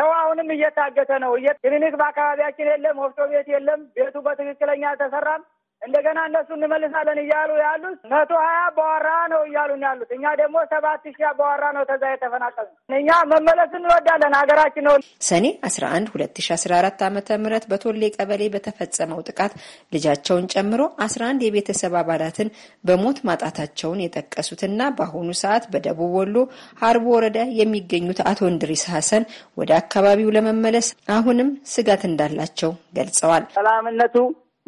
ሰው አሁንም እየታገተ ነው። ክሊኒክ በአካባቢያችን የለም፣ ወፍጮ ቤት የለም። ቤቱ በትክክለኛ አልተሰራም። እንደገና እነሱ እንመልሳለን እያሉ ያሉት መቶ ሀያ በዋራ ነው እያሉን ያሉት። እኛ ደግሞ ሰባት ሺ በዋራ
ነው ተዛ የተፈናቀሉ። እኛ መመለስ እንወዳለን ሀገራችን ነው። ሰኔ አስራ አንድ ሁለት ሺ አስራ አራት አመተ ምህረት በቶሌ ቀበሌ በተፈጸመው ጥቃት ልጃቸውን ጨምሮ አስራ አንድ የቤተሰብ አባላትን በሞት ማጣታቸውን የጠቀሱትና በአሁኑ ሰዓት በደቡብ ወሎ ሀርቦ ወረዳ የሚገኙት አቶ እንድሪስ ሀሰን ወደ አካባቢው ለመመለስ አሁንም ስጋት እንዳላቸው ገልጸዋል።
ሰላምነቱ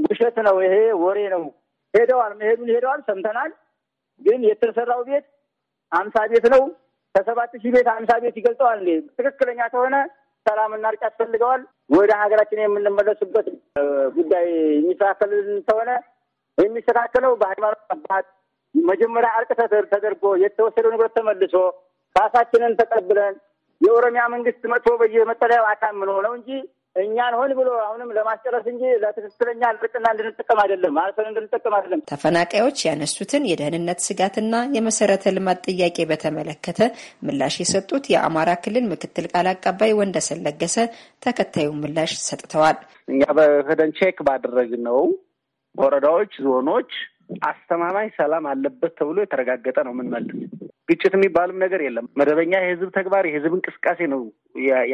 ውሸት ነው፣ ይሄ ወሬ ነው። ሄደዋል፣ መሄዱን ሄደዋል፣ ሰምተናል። ግን የተሰራው ቤት አምሳ ቤት ነው። ከሰባት ሺህ ቤት አምሳ ቤት ይገልጸዋል እንዴ? ትክክለኛ ከሆነ ሰላምና እርቅ ያስፈልገዋል። ወደ ሀገራችን የምንመለሱበት ጉዳይ የሚስተካከልን ከሆነ የሚስተካከለው በሃይማኖት አባት መጀመሪያ እርቅ ተደርጎ የተወሰደው ንብረት ተመልሶ ራሳችንን ተቀብለን የኦሮሚያ መንግስት መጥቶ በየመጠለያው አሳምኖ ነው እንጂ እኛን ሆን ብሎ አሁንም ለማስጨረስ እንጂ ለትክክለኛ ጥቅና እንድንጠቀም አይደለም ማለት እንድንጠቀም አይደለም።
ተፈናቃዮች ያነሱትን የደህንነት ስጋትና የመሰረተ ልማት ጥያቄ በተመለከተ ምላሽ የሰጡት የአማራ ክልል ምክትል ቃል አቀባይ ወንደሰን ለገሰ ተከታዩ ምላሽ ሰጥተዋል።
እኛ በህደን ቼክ ባደረግነው ወረዳዎች ዞኖች አስተማማኝ ሰላም አለበት ተብሎ የተረጋገጠ ነው የምንመልስ ግጭት የሚባልም ነገር የለም። መደበኛ የህዝብ ተግባር የህዝብ እንቅስቃሴ ነው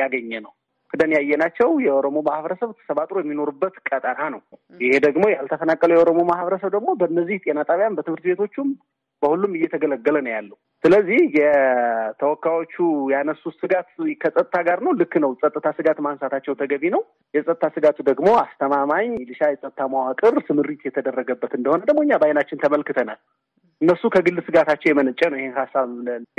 ያገኘ ነው ክደን ያየናቸው የኦሮሞ ማህበረሰብ ተሰባጥሮ የሚኖርበት ቀጠና ነው። ይሄ ደግሞ ያልተፈናቀለው የኦሮሞ ማህበረሰብ ደግሞ በእነዚህ ጤና ጣቢያን፣ በትምህርት ቤቶቹም በሁሉም እየተገለገለ ነው ያለው። ስለዚህ የተወካዮቹ ያነሱት ስጋት ከጸጥታ ጋር ነው። ልክ ነው። ጸጥታ ስጋት ማንሳታቸው ተገቢ ነው። የጸጥታ ስጋቱ ደግሞ አስተማማኝ ሚሊሻ የጸጥታ መዋቅር ስምሪት የተደረገበት እንደሆነ ደግሞ እኛ በአይናችን ተመልክተናል። እነሱ ከግል ስጋታቸው የመነጨ ነው። ይህን ሀሳብ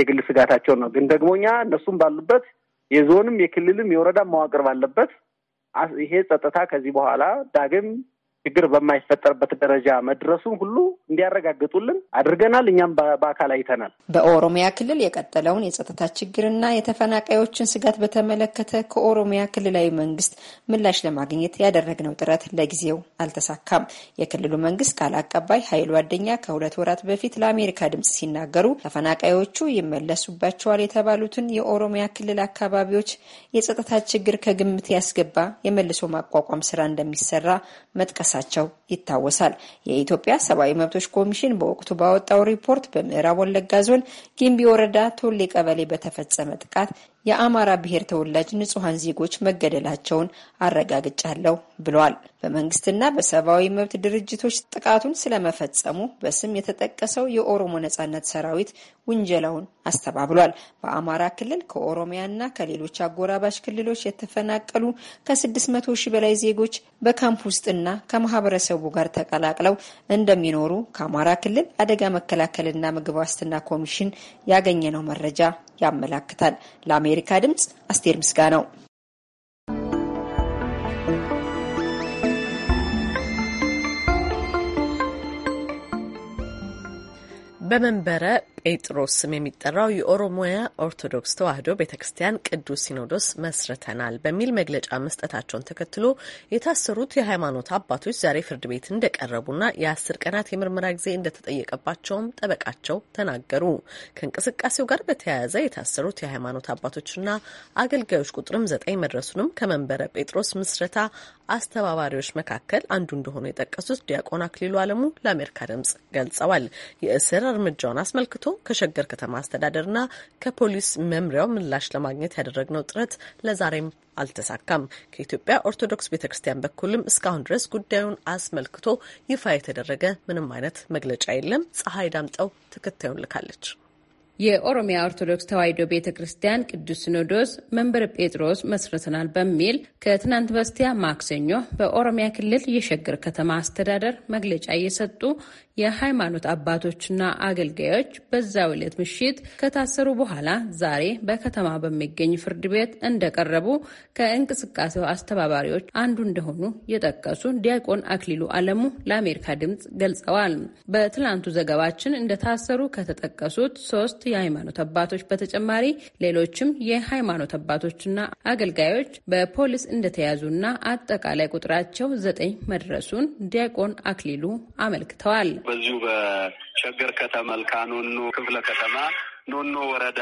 የግል ስጋታቸው ነው። ግን ደግሞ እኛ እነሱም ባሉበት የዞንም የክልልም የወረዳ መዋቅር ባለበት ይሄ ጸጥታ ከዚህ በኋላ ዳግም ችግር በማይፈጠርበት ደረጃ መድረሱን ሁሉ እንዲያረጋግጡልን አድርገናል። እኛም በአካል አይተናል።
በኦሮሚያ ክልል የቀጠለውን የጸጥታ ችግርና የተፈናቃዮችን ስጋት በተመለከተ ከኦሮሚያ ክልላዊ መንግስት ምላሽ ለማግኘት ያደረግነው ጥረት ለጊዜው አልተሳካም። የክልሉ መንግስት ቃል አቀባይ ኃይሉ አደኛ ከሁለት ወራት በፊት ለአሜሪካ ድምጽ ሲናገሩ ተፈናቃዮቹ ይመለሱባቸዋል የተባሉትን የኦሮሚያ ክልል አካባቢዎች የጸጥታ ችግር ከግምት ያስገባ የመልሶ ማቋቋም ስራ እንደሚሰራ መጥቀስ መጥቀሳቸው ይታወሳል። የኢትዮጵያ ሰብአዊ መብቶች ኮሚሽን በወቅቱ ባወጣው ሪፖርት በምዕራብ ወለጋ ዞን ጊምቢ ወረዳ ቶሌ ቀበሌ በተፈጸመ ጥቃት የአማራ ብሔር ተወላጅ ንጹሐን ዜጎች መገደላቸውን አረጋግጫለሁ ብሏል። በመንግስትና በሰብአዊ መብት ድርጅቶች ጥቃቱን ስለመፈጸሙ በስም የተጠቀሰው የኦሮሞ ነጻነት ሰራዊት ውንጀላውን አስተባብሏል። በአማራ ክልል ከኦሮሚያና ከሌሎች አጎራባሽ ክልሎች የተፈናቀሉ ከ600 ሺህ በላይ ዜጎች በካምፕ ውስጥና ከማህበረሰቡ ጋር ተቀላቅለው እንደሚኖሩ ከአማራ ክልል አደጋ መከላከልና ምግብ ዋስትና ኮሚሽን ያገኘነው መረጃ ያመላክታል። ለአሜሪካ ድምፅ አስቴር ምስጋናው።
በመንበረ ጴጥሮስ ስም የሚጠራው የኦሮሞያ ኦርቶዶክስ ተዋሕዶ ቤተ ክርስቲያን ቅዱስ ሲኖዶስ መስርተናል በሚል መግለጫ መስጠታቸውን ተከትሎ የታሰሩት የሃይማኖት አባቶች ዛሬ ፍርድ ቤት እንደቀረቡና የአስር ቀናት የምርመራ ጊዜ እንደተጠየቀባቸውም ጠበቃቸው ተናገሩ። ከእንቅስቃሴው ጋር በተያያዘ የታሰሩት የሃይማኖት አባቶችና አገልጋዮች ቁጥርም ዘጠኝ መድረሱንም ከመንበረ ጴጥሮስ ምስረታ አስተባባሪዎች መካከል አንዱ እንደሆኑ የጠቀሱት ዲያቆን አክሊሉ አለሙ ለአሜሪካ ድምጽ ገልጸዋል። የእስር እርምጃውን አስመልክቶ ከሸገር ከተማ አስተዳደርና ከፖሊስ መምሪያው ምላሽ ለማግኘት ያደረግነው ጥረት ለዛሬም አልተሳካም። ከኢትዮጵያ ኦርቶዶክስ ቤተ ክርስቲያን በኩልም እስካሁን ድረስ ጉዳዩን አስመልክቶ ይፋ የተደረገ ምንም አይነት መግለጫ የለም። ፀሐይ ዳምጠው ተከታዩን ልካለች።
የኦሮሚያ ኦርቶዶክስ ተዋሕዶ ቤተ ክርስቲያን ቅዱስ ሲኖዶስ መንበር ጴጥሮስ መስርተናል በሚል ከትናንት በስቲያ ማክሰኞ በኦሮሚያ ክልል የሸገር ከተማ አስተዳደር መግለጫ እየሰጡ የሃይማኖት አባቶችና አገልጋዮች በዛ ዕለት ምሽት ከታሰሩ በኋላ ዛሬ በከተማ በሚገኝ ፍርድ ቤት እንደቀረቡ ከእንቅስቃሴው አስተባባሪዎች አንዱ እንደሆኑ የጠቀሱ ዲያቆን አክሊሉ አለሙ ለአሜሪካ ድምፅ ገልጸዋል። በትላንቱ ዘገባችን እንደታሰሩ ከተጠቀሱት ሶስት የሃይማኖት አባቶች በተጨማሪ ሌሎችም የሃይማኖት አባቶችና አገልጋዮች በፖሊስ እንደተያዙና አጠቃላይ ቁጥራቸው ዘጠኝ መድረሱን ዲያቆን አክሊሉ አመልክተዋል።
በዚሁ በሸገር ከተማ ኖኖ ክፍለ ከተማ ኖኖ ወረዳ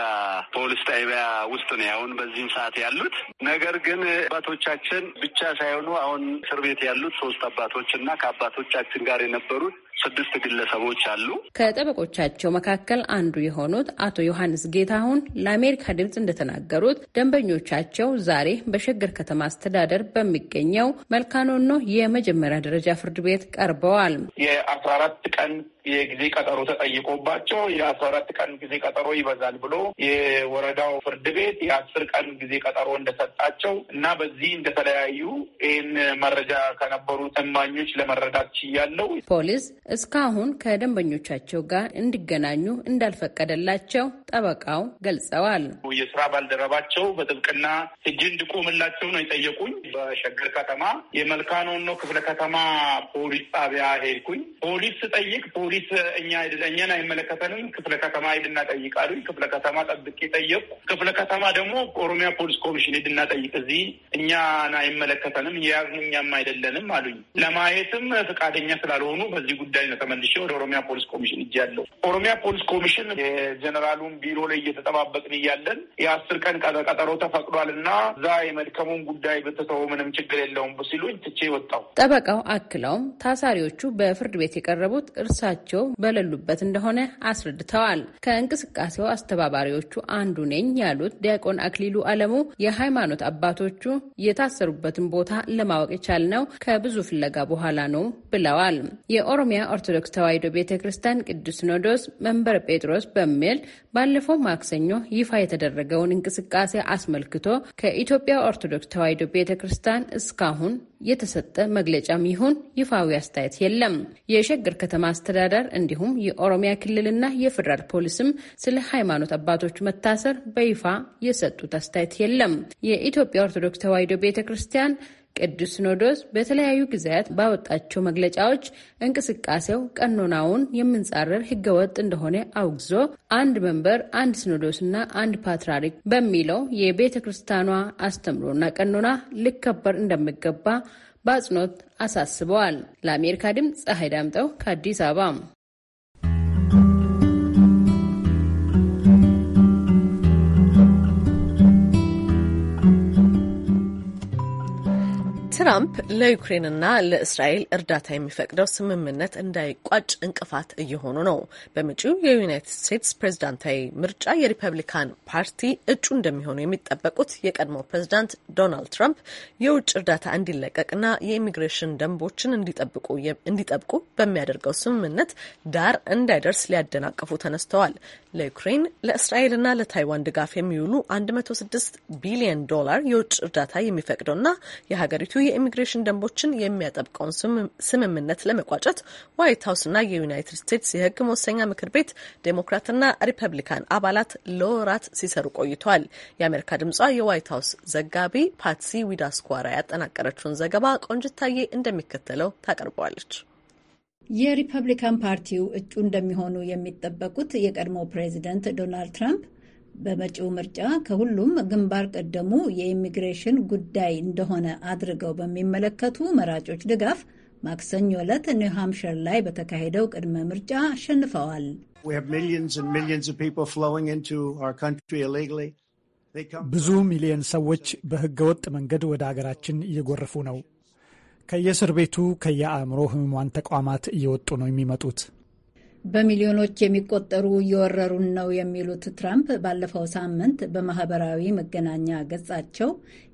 ፖሊስ ጣቢያ ውስጥ ነው አሁን በዚህም ሰዓት ያሉት። ነገር ግን አባቶቻችን ብቻ ሳይሆኑ አሁን እስር ቤት ያሉት ሶስት አባቶች እና ከአባቶቻችን ጋር የነበሩት ስድስት ግለሰቦች አሉ።
ከጠበቆቻቸው መካከል አንዱ የሆኑት አቶ ዮሐንስ ጌታሁን ለአሜሪካ ድምፅ እንደተናገሩት ደንበኞቻቸው ዛሬ በሸገር ከተማ አስተዳደር በሚገኘው መልካኖኖ የመጀመሪያ ደረጃ ፍርድ ቤት ቀርበዋል።
የአስራ
አራት ቀን የጊዜ ቀጠሮ ተጠይቆባቸው የአስራ አራት ቀን ጊዜ ቀጠሮ ይበዛል ብሎ የወረዳው ፍርድ ቤት የአስር ቀን ጊዜ ቀጠሮ እንደሰጣቸው እና በዚህ እንደተለያዩ
ይህን መረጃ ከነበሩ እማኞች ለመረዳት ችያለው። ፖሊስ እስካሁን ከደንበኞቻቸው ጋር እንዲገናኙ እንዳልፈቀደላቸው ጠበቃው ገልጸዋል።
የስራ ባልደረባቸው በጥብቅና እጅ እንድቆምላቸው ነው የጠየቁኝ። በሸገር ከተማ የመልካኖኖ ክፍለ ከተማ ፖሊስ ጣቢያ ሄድኩኝ። ፖሊስ ስጠይቅ ፖሊስ እኛ እኛን አይመለከተንም ክፍለ ከተማ ሄድና ጠይቅ አሉኝ። ክፍለ ከተማ ጠብቄ ጠየቁ። ክፍለ ከተማ ደግሞ ኦሮሚያ ፖሊስ ኮሚሽን ሄድና ጠይቅ፣ እዚህ እኛን አይመለከተንም፣ የያዝን እኛም አይደለንም አሉኝ። ለማየትም ፈቃደኛ ስላልሆኑ በዚህ ጉዳይ ጉዳይ ነው ተመልሼ ወደ ኦሮሚያ ፖሊስ ኮሚሽን እጅ ያለው ኦሮሚያ ፖሊስ ኮሚሽን የጀኔራሉን ቢሮ ላይ እየተጠባበቅን እያለን የአስር ቀን ቀጠሮ ተፈቅዷል እና እዛ የመልከሙን
ጉዳይ ብትተው ምንም ችግር የለውም ሲሉኝ ትቼ ወጣው። ጠበቃው አክለውም ታሳሪዎቹ በፍርድ ቤት የቀረቡት እርሳቸው በሌሉበት እንደሆነ አስረድተዋል። ከእንቅስቃሴው አስተባባሪዎቹ አንዱ ነኝ ያሉት ዲያቆን አክሊሉ አለሙ የሃይማኖት አባቶቹ የታሰሩበትን ቦታ ለማወቅ የቻልነው ከብዙ ፍለጋ በኋላ ነው ብለዋል። የኦሮሚያ ኦርቶዶክስ ተዋሕዶ ቤተ ክርስቲያን ቅዱስ ሲኖዶስ መንበር ጴጥሮስ በሚል ባለፈው ማክሰኞ ይፋ የተደረገውን እንቅስቃሴ አስመልክቶ ከኢትዮጵያ ኦርቶዶክስ ተዋሕዶ ቤተ ክርስቲያን እስካሁን የተሰጠ መግለጫም ይሁን ይፋዊ አስተያየት የለም። የሸገር ከተማ አስተዳደር እንዲሁም የኦሮሚያ ክልልና የፌዴራል ፖሊስም ስለ ሃይማኖት አባቶች መታሰር በይፋ የሰጡት አስተያየት የለም። የኢትዮጵያ ኦርቶዶክስ ተዋሕዶ ቤተ ክርስቲያን ቅዱስ ሲኖዶስ በተለያዩ ጊዜያት ባወጣቸው መግለጫዎች እንቅስቃሴው ቀኖናውን የምንጻረር ህገወጥ እንደሆነ አውግዞ አንድ መንበር አንድ ሲኖዶስና አንድ ፓትርያርክ በሚለው የቤተ ክርስቲያኗ አስተምሮና ቀኖና ሊከበር እንደሚገባ በአጽንኦት አሳስበዋል። ለአሜሪካ ድምፅ ፀሐይ ዳምጠው ከአዲስ አበባ
ትራምፕ ለዩክሬንና ለእስራኤል እርዳታ የሚፈቅደው ስምምነት እንዳይቋጭ እንቅፋት እየሆኑ ነው። በመጪው የዩናይትድ ስቴትስ ፕሬዝዳንታዊ ምርጫ የሪፐብሊካን ፓርቲ እጩ እንደሚሆኑ የሚጠበቁት የቀድሞው ፕሬዝዳንት ዶናልድ ትራምፕ የውጭ እርዳታ እንዲለቀቅና የኢሚግሬሽን ደንቦችን እንዲጠብቁ በሚያደርገው ስምምነት ዳር እንዳይደርስ ሊያደናቅፉ ተነስተዋል። ለዩክሬን ለእስራኤልና ለታይዋን ድጋፍ የሚውሉ 16 ቢሊዮን ዶላር የውጭ እርዳታ የሚፈቅደውና የሀገሪቱ የኢሚግሬሽን ደንቦችን የሚያጠብቀውን ስምምነት ለመቋጨት ዋይት ሀውስና የዩናይትድ ስቴትስ የህግ መወሰኛ ምክር ቤት ዴሞክራትና ሪፐብሊካን አባላት ለወራት ሲሰሩ ቆይተዋል። የአሜሪካ ድምጿ የዋይት ሀውስ ዘጋቢ ፓትሲ ዊዳስኳራ ያጠናቀረችውን ዘገባ ቆንጅታዬ እንደሚከተለው ታቀርበዋለች።
የሪፐብሊካን ፓርቲው እጩ እንደሚሆኑ የሚጠበቁት የቀድሞ ፕሬዚደንት ዶናልድ ትራምፕ በመጪው ምርጫ ከሁሉም ግንባር ቀደሙ የኢሚግሬሽን ጉዳይ እንደሆነ አድርገው በሚመለከቱ መራጮች ድጋፍ ማክሰኞ ዕለት ኒውሃምሽር ላይ በተካሄደው ቅድመ ምርጫ አሸንፈዋል።
ብዙ
ሚሊዮን ሰዎች በህገወጥ መንገድ ወደ አገራችን እየጎረፉ ነው። ከየእስር ቤቱ ከየአእምሮ ህሙማን ተቋማት እየወጡ ነው የሚመጡት።
በሚሊዮኖች የሚቆጠሩ እየወረሩን ነው የሚሉት ትራምፕ ባለፈው ሳምንት በማህበራዊ መገናኛ ገጻቸው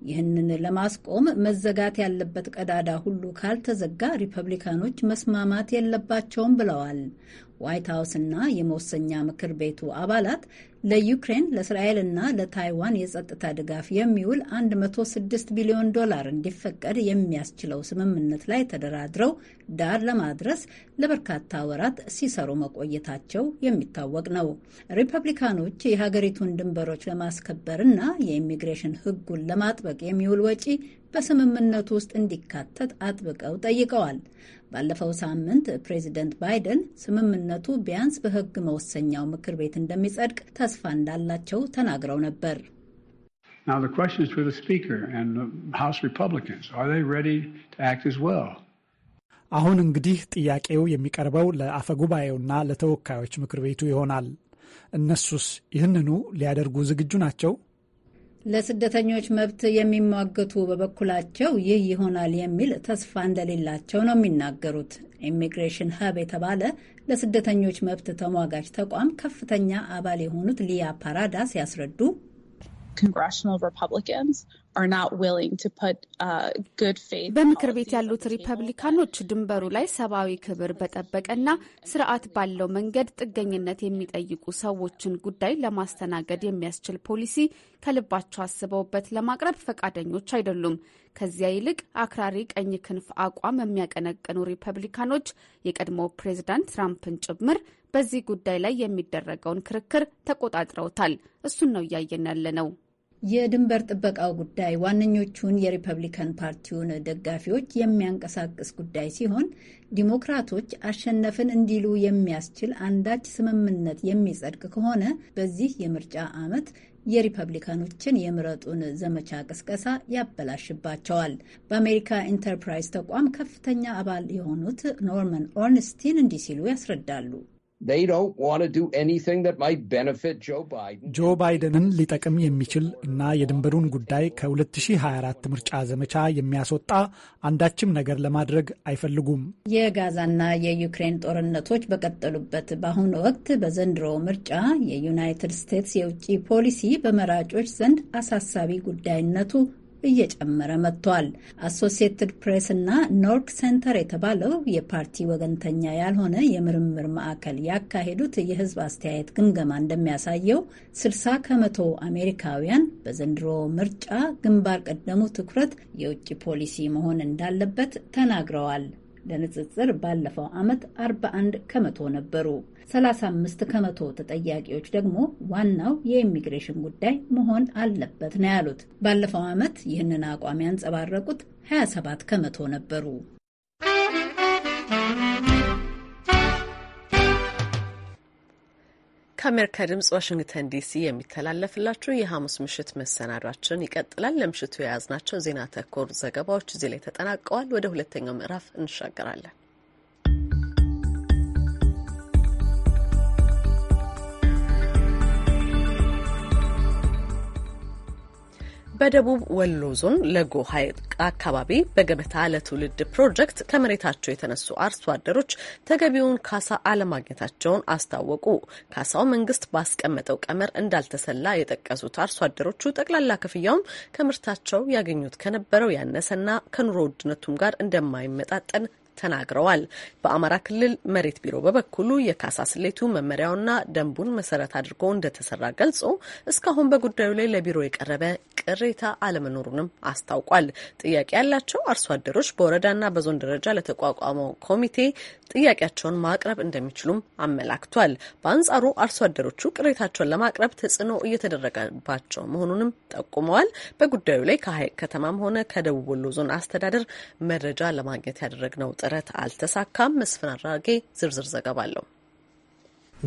ይህንን ለማስቆም መዘጋት ያለበት ቀዳዳ ሁሉ ካልተዘጋ ሪፐብሊካኖች መስማማት የለባቸውም ብለዋል። ዋይት ሀውስና የመወሰኛ ምክር ቤቱ አባላት ለዩክሬን ለእስራኤልና ለታይዋን የጸጥታ ድጋፍ የሚውል 106 ቢሊዮን ዶላር እንዲፈቀድ የሚያስችለው ስምምነት ላይ ተደራድረው ዳር ለማድረስ ለበርካታ ወራት ሲሰሩ መቆየታቸው የሚታወቅ ነው። ሪፐብሊካኖች የሀገሪቱን ድንበሮች ለማስከበርና የኢሚግሬሽን ሕጉን ለማጥበቅ የሚውል ወጪ በስምምነቱ ውስጥ እንዲካተት አጥብቀው ጠይቀዋል። ባለፈው ሳምንት ፕሬዚደንት ባይደን ስምምነቱ ቢያንስ በሕግ መወሰኛው ምክር ቤት እንደሚጸድቅ ተስፋ እንዳላቸው ተናግረው ነበር።
አሁን እንግዲህ ጥያቄው የሚቀርበው ለአፈ ጉባኤውና ለተወካዮች ምክር ቤቱ ይሆናል። እነሱስ ይህንኑ ሊያደርጉ ዝግጁ ናቸው?
ለስደተኞች መብት የሚሟገቱ በበኩላቸው ይህ ይሆናል የሚል ተስፋ እንደሌላቸው ነው የሚናገሩት። ኢሚግሬሽን ሀብ የተባለ ለስደተኞች መብት ተሟጋች ተቋም ከፍተኛ አባል የሆኑት ሊያ ፓራዳስ ያስረዱ Uh, በምክር ቤት ያሉት ሪፐብሊካኖች ድንበሩ ላይ ሰብአዊ ክብር በጠበቀና ስርዓት ባለው መንገድ ጥገኝነት የሚጠይቁ ሰዎችን ጉዳይ ለማስተናገድ የሚያስችል ፖሊሲ ከልባቸው አስበውበት ለማቅረብ ፈቃደኞች አይደሉም። ከዚያ ይልቅ አክራሪ ቀኝ ክንፍ አቋም የሚያቀነቅኑ ሪፐብሊካኖች የቀድሞ ፕሬዝዳንት ትራምፕን ጭምር በዚህ ጉዳይ ላይ የሚደረገውን ክርክር ተቆጣጥረውታል። እሱን ነው እያየን ያለ ነው። የድንበር ጥበቃው ጉዳይ ዋነኞቹን የሪፐብሊካን ፓርቲውን ደጋፊዎች የሚያንቀሳቅስ ጉዳይ ሲሆን ዲሞክራቶች አሸነፍን እንዲሉ የሚያስችል አንዳች ስምምነት የሚጸድቅ ከሆነ በዚህ የምርጫ ዓመት የሪፐብሊካኖችን የምረጡን ዘመቻ ቅስቀሳ ያበላሽባቸዋል። በአሜሪካ ኢንተርፕራይዝ ተቋም ከፍተኛ አባል የሆኑት ኖርመን ኦርንስቲን እንዲህ ሲሉ ያስረዳሉ።
ጆ ባይደንን
ሊጠቅም የሚችል እና የድንበሩን ጉዳይ ከ2024 ምርጫ ዘመቻ የሚያስወጣ አንዳችም ነገር ለማድረግ አይፈልጉም።
የጋዛና የዩክሬን ጦርነቶች በቀጠሉበት በአሁኑ ወቅት በዘንድሮ ምርጫ የዩናይትድ ስቴትስ የውጭ ፖሊሲ በመራጮች ዘንድ አሳሳቢ ጉዳይነቱ እየጨመረ መጥቷል። አሶሲየትድ ፕሬስ እና ኖርክ ሴንተር የተባለው የፓርቲ ወገንተኛ ያልሆነ የምርምር ማዕከል ያካሄዱት የሕዝብ አስተያየት ግምገማ እንደሚያሳየው 60 ከመቶ አሜሪካውያን በዘንድሮ ምርጫ ግንባር ቀደሙ ትኩረት የውጭ ፖሊሲ መሆን እንዳለበት ተናግረዋል። ለንጽጽር ባለፈው ዓመት 41 ከመቶ ነበሩ። 35 ከመቶ ተጠያቂዎች ደግሞ ዋናው የኢሚግሬሽን ጉዳይ መሆን አለበት ነው ያሉት። ባለፈው ዓመት ይህንን አቋም ያንጸባረቁት 27
ከመቶ ነበሩ። ከአሜሪካ ድምጽ ዋሽንግተን ዲሲ የሚተላለፍላችሁ የሐሙስ ምሽት መሰናዷችን ይቀጥላል። ለምሽቱ የያዝናቸው ዜና ተኮር ዘገባዎች እዚህ ላይ ተጠናቀዋል። ወደ ሁለተኛው ምዕራፍ እንሻገራለን። በደቡብ ወሎ ዞን ለጎ ሐይቅ አካባቢ በገበታ ለትውልድ ፕሮጀክት ከመሬታቸው የተነሱ አርሶ አደሮች ተገቢውን ካሳ አለማግኘታቸውን አስታወቁ። ካሳው መንግስት ባስቀመጠው ቀመር እንዳልተሰላ የጠቀሱት አርሶ አደሮቹ ጠቅላላ ክፍያውም ከምርታቸው ያገኙት ከነበረው ያነሰና ከኑሮ ውድነቱም ጋር እንደማይመጣጠን ተናግረዋል። በአማራ ክልል መሬት ቢሮ በበኩሉ የካሳ ስሌቱ መመሪያውና ደንቡን መሰረት አድርጎ እንደተሰራ ገልጾ እስካሁን በጉዳዩ ላይ ለቢሮ የቀረበ ቅሬታ አለመኖሩንም አስታውቋል። ጥያቄ ያላቸው አርሶ አደሮች በወረዳና በዞን ደረጃ ለተቋቋመው ኮሚቴ ጥያቄያቸውን ማቅረብ እንደሚችሉም አመላክቷል። በአንጻሩ አርሶ አደሮቹ ቅሬታቸውን ለማቅረብ ተጽዕኖ እየተደረገባቸው መሆኑንም ጠቁመዋል። በጉዳዩ ላይ ከሀይቅ ከተማም ሆነ ከደቡብ ወሎ ዞን አስተዳደር መረጃ ለማግኘት ያደረግነው ጥረት ጥረት አልተሳካም። መስፍን አራጌ ዝርዝር ዘገባ አለው።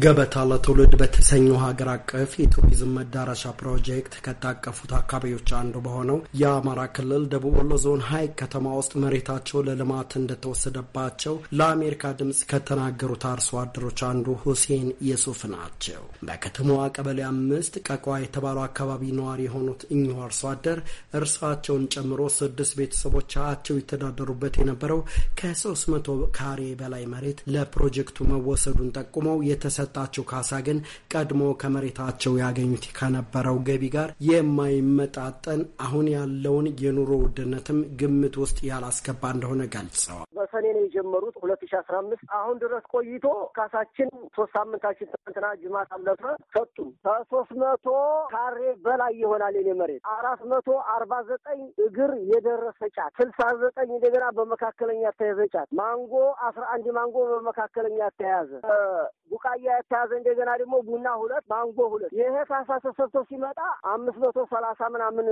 ገበታ ለትውልድ በተሰኘው ሀገር አቀፍ የቱሪዝም መዳረሻ ፕሮጀክት ከታቀፉት አካባቢዎች አንዱ በሆነው የአማራ ክልል ደቡብ ወሎ ዞን ሀይቅ ከተማ ውስጥ መሬታቸው ለልማት እንደተወሰደባቸው ለአሜሪካ ድምፅ ከተናገሩት አርሶ አደሮች አንዱ ሁሴን የሱፍ ናቸው። በከተማዋ ቀበሌ አምስት ቀቋ የተባሉ አካባቢ ነዋሪ የሆኑት እኚሁ አርሶ አደር እርሳቸውን ጨምሮ ስድስት ቤተሰቦቻቸው የተዳደሩበት የነበረው ከሶስት መቶ ካሬ በላይ መሬት ለፕሮጀክቱ መወሰዱን ጠቁመው የተሰ የተሰጣቸው ካሳ ግን ቀድሞ ከመሬታቸው ያገኙት ከነበረው ገቢ ጋር የማይመጣጠን አሁን ያለውን የኑሮ ውድነትም ግምት ውስጥ ያላስገባ እንደሆነ ገልጸዋል።
በሰኔ ነው የጀመሩት ሁለት ሺ አስራ አምስት አሁን ድረስ ቆይቶ ካሳችን ሶስት ሳምንታችን ትናንትና ጅማ ሳለፈ ሰጡን። ከሶስት መቶ ካሬ በላይ ይሆናል የኔ መሬት አራት መቶ አርባ ዘጠኝ እግር የደረሰ ጫት ስልሳ ዘጠኝ እንደገና በመካከለኛ ተያዘ ጫት ማንጎ አስራ አንድ ማንጎ በመካከለኛ ተያዘ ቡቃያ የተያዘ እንደገና ደግሞ ቡና ሁለት ማንጎ ሁለት ይሄ ካሳ ተሰብቶ ሲመጣ አምስት መቶ ሰላሳ ምናምን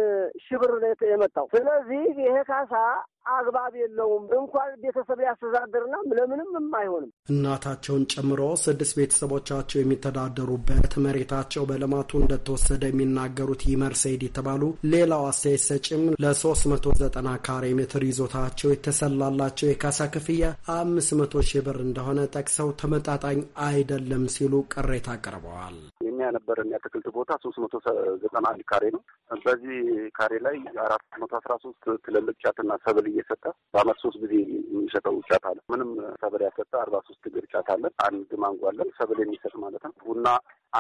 ሺህ ብር የመጣው። ስለዚህ ይሄ ካሳ አግባብ የለውም። እንኳን ቤተሰብ ሊያስተዳድርና ለምንም የማይሆንም።
እናታቸውን ጨምሮ ስድስት ቤተሰቦቻቸው የሚተዳደሩበት መሬታቸው በልማቱ እንደተወሰደ የሚናገሩት ይመር ሰይድ የተባሉ ሌላው አስተያየት ሰጭም ለሶስት መቶ ዘጠና ካሬ ሜትር ይዞታቸው የተሰላላቸው የካሳ ክፍያ አምስት መቶ ሺህ ብር እንደሆነ ጠቅሰው ተመጣጣኝ አይደለም ሲሉ ቅሬታ አቅርበዋል።
የእኛ ነበረን የአትክልት ቦታ ሶስት መቶ ዘጠና አንድ ካሬ ነው። በዚህ ካሬ ላይ አራት መቶ አስራ ሶስት ትልልቅ ጫትና ሰብል እየሰጠ በአመት ሶስት ጊዜ የሚሰጠው ጫት አለ። ምንም ሰብል ያሰጠ አርባ ሶስት እግር ጫት አለን። አንድ ማንጎ አለን። ሰብል የሚሰጥ ማለት ነው። ቡና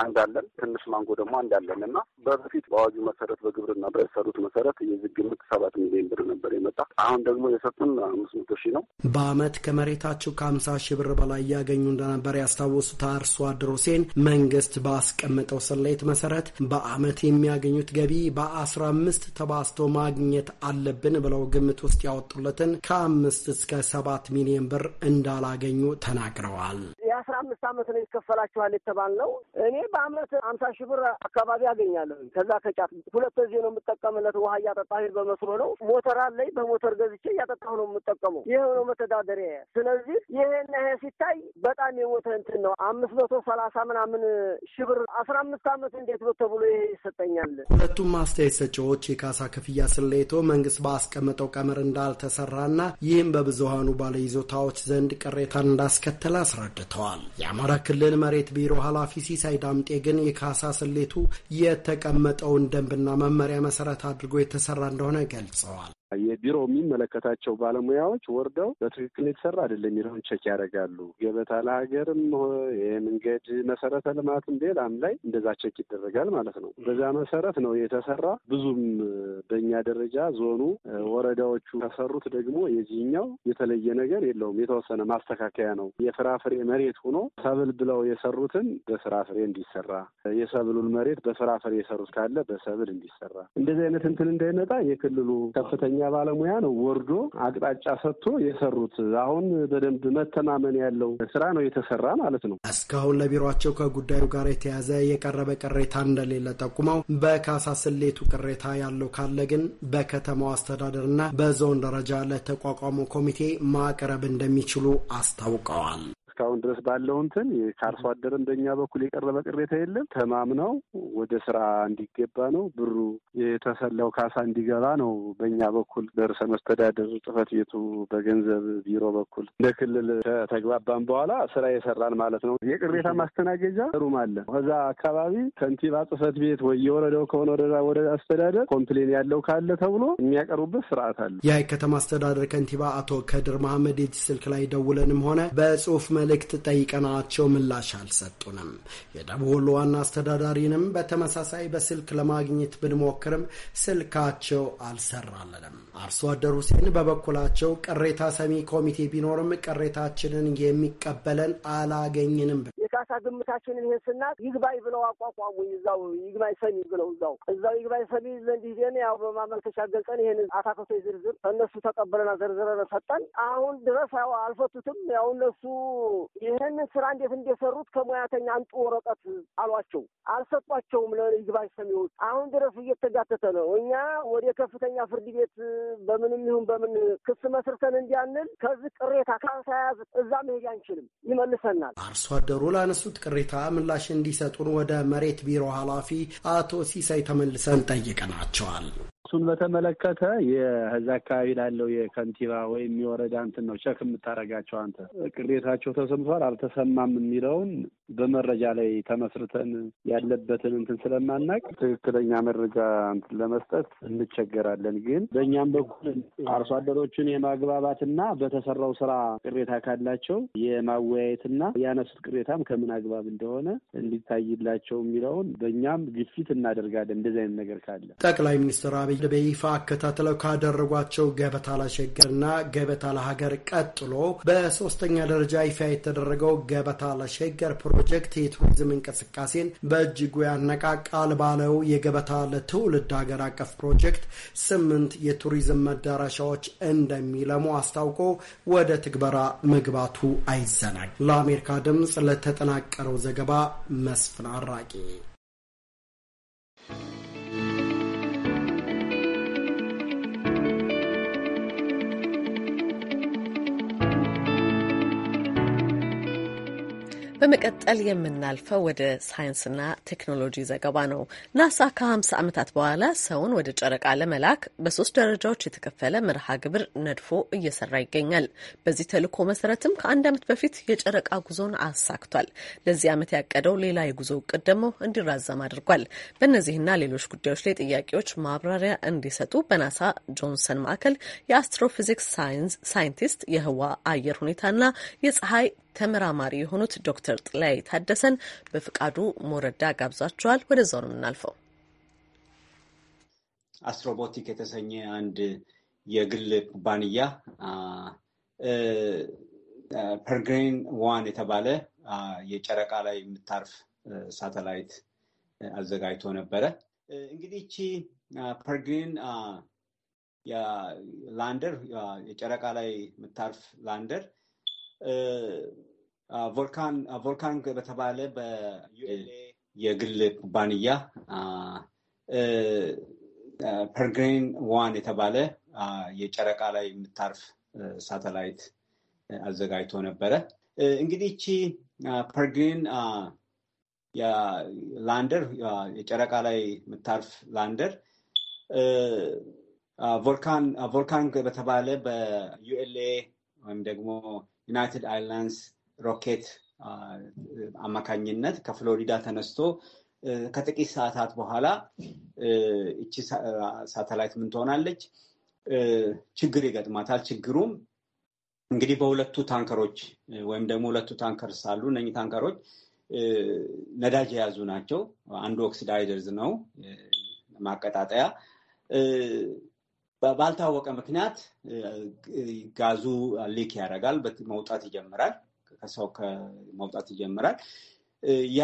አንድ አለን፣ ትንሽ ማንጎ ደግሞ አንድ አለን እና በፊት በአዋጁ መሰረት በግብርና በሰሩት መሰረት የዚህ ግምት ሰባት ሚሊዮን ብር ነበር የመጣ አሁን ደግሞ የሰጡን
አምስት
መቶ ሺህ ነው። በአመት ከመሬታቸው ከሀምሳ ሺህ ብር በላይ እያገኙ እንደነበር ያስታወሱት አርሶ አደር ሁሴን መንግስት ባስቀመጠው ስሌት መሰረት በአመት የሚያገኙት ገቢ በአስራ አምስት ተባስቶ ማግኘት አለብን ብለው ግምት ውስጥ ያወጡለትን ከአምስት እስከ ሰባት ሚሊዮን ብር እንዳላገኙ ተናግረዋል።
አስራ አምስት አመት ነው ይከፈላችኋል የተባል ነው። እኔ በአመት አምሳ ሺህ ብር አካባቢ አገኛለሁ። ከዛ ከጫት ሁለት ጊዜ ነው የምጠቀምለት። ውሃ እያጠጣሁ በመስሎ ነው። ሞተር አለኝ። በሞተር ገዝቼ እያጠጣሁ ነው የምጠቀመው። ይህ ነው መተዳደሪያ። ስለዚህ ይሄን ይሄ ሲታይ በጣም የሞተ እንትን ነው። አምስት መቶ ሰላሳ ምናምን ሺህ ብር አስራ አምስት አመት እንዴት ነው ተብሎ ይሄ ይሰጠኛል።
ሁለቱም አስተያየት ሰጪዎች የካሳ ክፍያ ስሌቶ መንግስት ባስቀመጠው ቀመር እንዳልተሰራና ይህም በብዙሀኑ ባለይዞታዎች ዘንድ ቅሬታን እንዳስከተለ አስረድተዋል። ብለዋል። የአማራ ክልል መሬት ቢሮ ኃላፊ ሲሳይ ዳምጤ ግን የካሳ ስሌቱ የተቀመጠውን ደንብና መመሪያ መሰረት አድርጎ የተሰራ እንደሆነ ገልጸዋል።
የቢሮ የሚመለከታቸው ባለሙያዎች ወርደው በትክክል የተሰራ አይደለም የሚለውን ቸክ ያደርጋሉ። ገበታ ለሀገርም የመንገድ መሰረተ ልማትም ሌላም ላይ እንደዛ ቸክ ይደረጋል ማለት ነው። በዛ መሰረት ነው የተሰራ። ብዙም በእኛ ደረጃ ዞኑ፣ ወረዳዎቹ ከሰሩት ደግሞ የዚህኛው የተለየ ነገር የለውም። የተወሰነ ማስተካከያ ነው። የፍራፍሬ መሬት ሆኖ ሰብል ብለው የሰሩትን በፍራፍሬ እንዲሰራ፣ የሰብሉን መሬት በፍራፍሬ የሰሩት ካለ በሰብል እንዲሰራ፣ እንደዚህ አይነት እንትን እንዳይመጣ የክልሉ ከፍተኛ ከፍተኛ ባለሙያ ነው ወርዶ አቅጣጫ ሰጥቶ የሰሩት። አሁን በደንብ መተማመን ያለው ስራ ነው የተሰራ ማለት ነው።
እስካሁን ለቢሮቸው ከጉዳዩ ጋር የተያዘ የቀረበ ቅሬታ እንደሌለ ጠቁመው በካሳ ስሌቱ ቅሬታ ያለው ካለ ግን በከተማው አስተዳደርና በዞን ደረጃ ለተቋቋመው ኮሚቴ ማቅረብ እንደሚችሉ
አስታውቀዋል። እስካሁን ድረስ ባለው እንትን ከአርሶ አደር እንደኛ በኩል የቀረበ ቅሬታ የለም። ተማምነው ወደ ስራ እንዲገባ ነው፣ ብሩ የተሰላው ካሳ እንዲገባ ነው። በእኛ በኩል በርዕሰ መስተዳደር ጽሕፈት ቤቱ በገንዘብ ቢሮ በኩል እንደ ክልል ከተግባባን በኋላ ስራ የሰራን ማለት ነው። የቅሬታ ማስተናገጃ ሩም አለ። ከዛ አካባቢ ከንቲባ ጽህፈት ቤት ወይ የወረደው ከሆነ ወረዳ ወደ አስተዳደር ኮምፕሌን ያለው ካለ ተብሎ የሚያቀርቡበት ስርዓት አለ።
የሀይቅ ከተማ አስተዳደር ከንቲባ አቶ ከድር መሐመድ የዚህ ስልክ ላይ ደውለንም ሆነ በጽሁፍ መ መልእክት ጠይቀናቸው ምላሽ አልሰጡንም። የደቡብ ወሎ ዋና አስተዳዳሪንም በተመሳሳይ በስልክ ለማግኘት ብንሞክርም ስልካቸው አልሰራልንም። አርሶ አደር ሁሴን በበኩላቸው ቅሬታ ሰሚ ኮሚቴ ቢኖርም ቅሬታችንን የሚቀበለን አላገኝንም።
የካሳ ግምታችንን ይህን ስና ይግባይ ብለው አቋቋሙ። ይዛው ይግባይ ሰሚ ብለው እዛው እዛው ይግባይ ሰሚ ዘንድ ሄደን ያው በማመልከቻ ገልጸን ይህን አታክልቶ ዝርዝር እነሱ ተቀበለና ዘርዝረን ሰጠን። አሁን ድረስ ያው አልፈቱትም። ያው እነሱ ይህን ስራ እንዴት እንደሰሩት ከሙያተኛ አንጡ ወረቀት አሏቸው። አልሰጧቸውም። ለይግባኝ ሰሚዎች አሁን ድረስ እየተጋተተ ነው። እኛ ወደ ከፍተኛ ፍርድ ቤት በምንም ይሁን በምን ክስ መስርተን እንዲያንል ከዚህ ቅሬታ ካሳያዝ እዛ መሄድ አንችልም፣ ይመልሰናል።
አርሶ አደሩ ላነሱት ቅሬታ ምላሽ እንዲሰጡን ወደ መሬት ቢሮ ኃላፊ አቶ ሲሳይ ተመልሰን
ጠይቀናቸዋል።
እሱን በተመለከተ የዛ አካባቢ ላለው የከንቲባ ወይም የወረዳ እንትን ነው ቸክ የምታደርጋቸው አንተ ቅሬታቸው ተሰምቷል አልተሰማም የሚለውን በመረጃ ላይ ተመስርተን ያለበትን እንትን ስለማናቅ ትክክለኛ መረጃ እንትን ለመስጠት እንቸገራለን። ግን በእኛም በኩል አርሶ አደሮችን የማግባባትና በተሰራው ስራ ቅሬታ ካላቸው የማወያየትና ያነሱት ቅሬታም ከምን አግባብ እንደሆነ እንዲታይላቸው የሚለውን በእኛም ግፊት እናደርጋለን። እንደዚህ አይነት ነገር ካለ
ጠቅላይ ሚኒስትር አብይ በይፋ አከታትለው ካደረጓቸው ገበታ ለሸገርና ገበታ ለሀገር ቀጥሎ በሶስተኛ ደረጃ ይፋ የተደረገው ገበታ ለሸገር ፕሮጀክት የቱሪዝም እንቅስቃሴን በእጅጉ ያነቃቃል ባለው የገበታ ለትውልድ ሀገር አቀፍ ፕሮጀክት ስምንት የቱሪዝም መዳረሻዎች እንደሚለሙ አስታውቆ ወደ ትግበራ መግባቱ አይዘናል። ለአሜሪካ ድምፅ ለተጠናቀረው ዘገባ መስፍን አራቂ
በመቀጠል የምናልፈው ወደ ሳይንስና ቴክኖሎጂ ዘገባ ነው። ናሳ ከ50 ዓመታት በኋላ ሰውን ወደ ጨረቃ ለመላክ በሶስት ደረጃዎች የተከፈለ መርሃ ግብር ነድፎ እየሰራ ይገኛል። በዚህ ተልዕኮ መሰረትም ከአንድ ዓመት በፊት የጨረቃ ጉዞን አሳክቷል። ለዚህ ዓመት ያቀደው ሌላ የጉዞ እቅድ ደግሞ እንዲራዘም አድርጓል። በእነዚህና ሌሎች ጉዳዮች ላይ ጥያቄዎች ማብራሪያ እንዲሰጡ በናሳ ጆንሰን ማዕከል የአስትሮፊዚክስ ሳይንቲስት የህዋ አየር ሁኔታና የፀሐይ ተመራማሪ የሆኑት ዶክተር ጥላይ ታደሰን በፍቃዱ ሞረዳ ጋብዛቸዋል። ወደዛው ነው የምናልፈው።
አስትሮቦቲክ የተሰኘ አንድ የግል ኩባንያ ፐርግሬን ዋን የተባለ የጨረቃ ላይ የምታርፍ ሳተላይት አዘጋጅቶ ነበረ። እንግዲህ ፐርግሬን ላንደር የጨረቃ ላይ የምታርፍ ላንደር ቮልካን በተባለ በዩኤልኤ የግል ኩባንያ ፐርግሬን ዋን የተባለ የጨረቃ ላይ የምታርፍ ሳተላይት አዘጋጅቶ ነበረ። እንግዲህ እቺ ፐርግሬን ላንደር የጨረቃ ላይ የምታርፍ ላንደር ቮልካን በተባለ በዩኤልኤ ወይም ደግሞ ዩናይትድ አይላንድስ ሮኬት አማካኝነት ከፍሎሪዳ ተነስቶ ከጥቂት ሰዓታት በኋላ እቺ ሳተላይት ምን ትሆናለች? ችግር ይገጥማታል። ችግሩም እንግዲህ በሁለቱ ታንከሮች ወይም ደግሞ ሁለቱ ታንከር ሳሉ እነኚህ ታንከሮች ነዳጅ የያዙ ናቸው። አንዱ ኦክሲዳይዘርዝ ነው ማቀጣጠያ ባልታወቀ ምክንያት ጋዙ ሊክ ያደርጋል፣ መውጣት ይጀምራል፣ ከሰው መውጣት ይጀምራል። ያ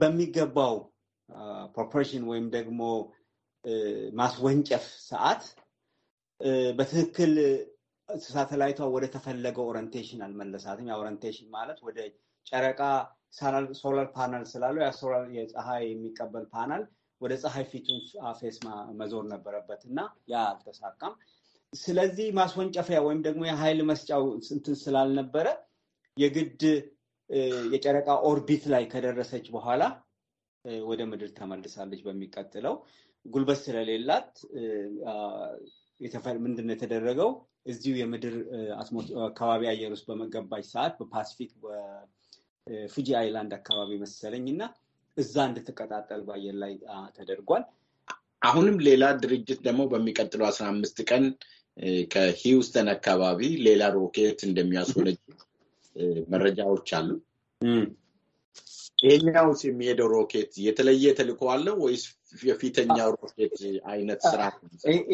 በሚገባው ፕሮፖርሽን ወይም ደግሞ ማስወንጨፍ ሰዓት በትክክል ሳተላይቷ ወደ ተፈለገው ኦሪንቴሽን አልመለሳትም። ያ ኦሪንቴሽን ማለት ወደ ጨረቃ ሶላር ፓናል ስላለው የፀሐይ የሚቀበል ፓናል ወደ ፀሐይ ፊቱን አፌስ መዞር ነበረበት እና ያ አልተሳካም። ስለዚህ ማስወንጨፊያ ወይም ደግሞ የኃይል መስጫው ስንትን ስላልነበረ የግድ የጨረቃ ኦርቢት ላይ ከደረሰች በኋላ ወደ ምድር ተመልሳለች። በሚቀጥለው ጉልበት ስለሌላት ምንድን ነው የተደረገው? እዚሁ የምድር አካባቢ አየር ውስጥ በመገባች ሰዓት በፓሲፊክ ፉጂ አይላንድ አካባቢ መሰለኝ እና እዛ እንድትቀጣጠል በአየር ላይ ተደርጓል።
አሁንም ሌላ ድርጅት ደግሞ በሚቀጥለው አስራ አምስት ቀን ከሂውስተን አካባቢ ሌላ ሮኬት እንደሚያስወነጅ መረጃዎች አሉ። ይሄኛው የሚሄደው ሮኬት የተለየ ተልዕኮ አለው ወይስ የፊተኛው ሮኬት አይነት ስራ?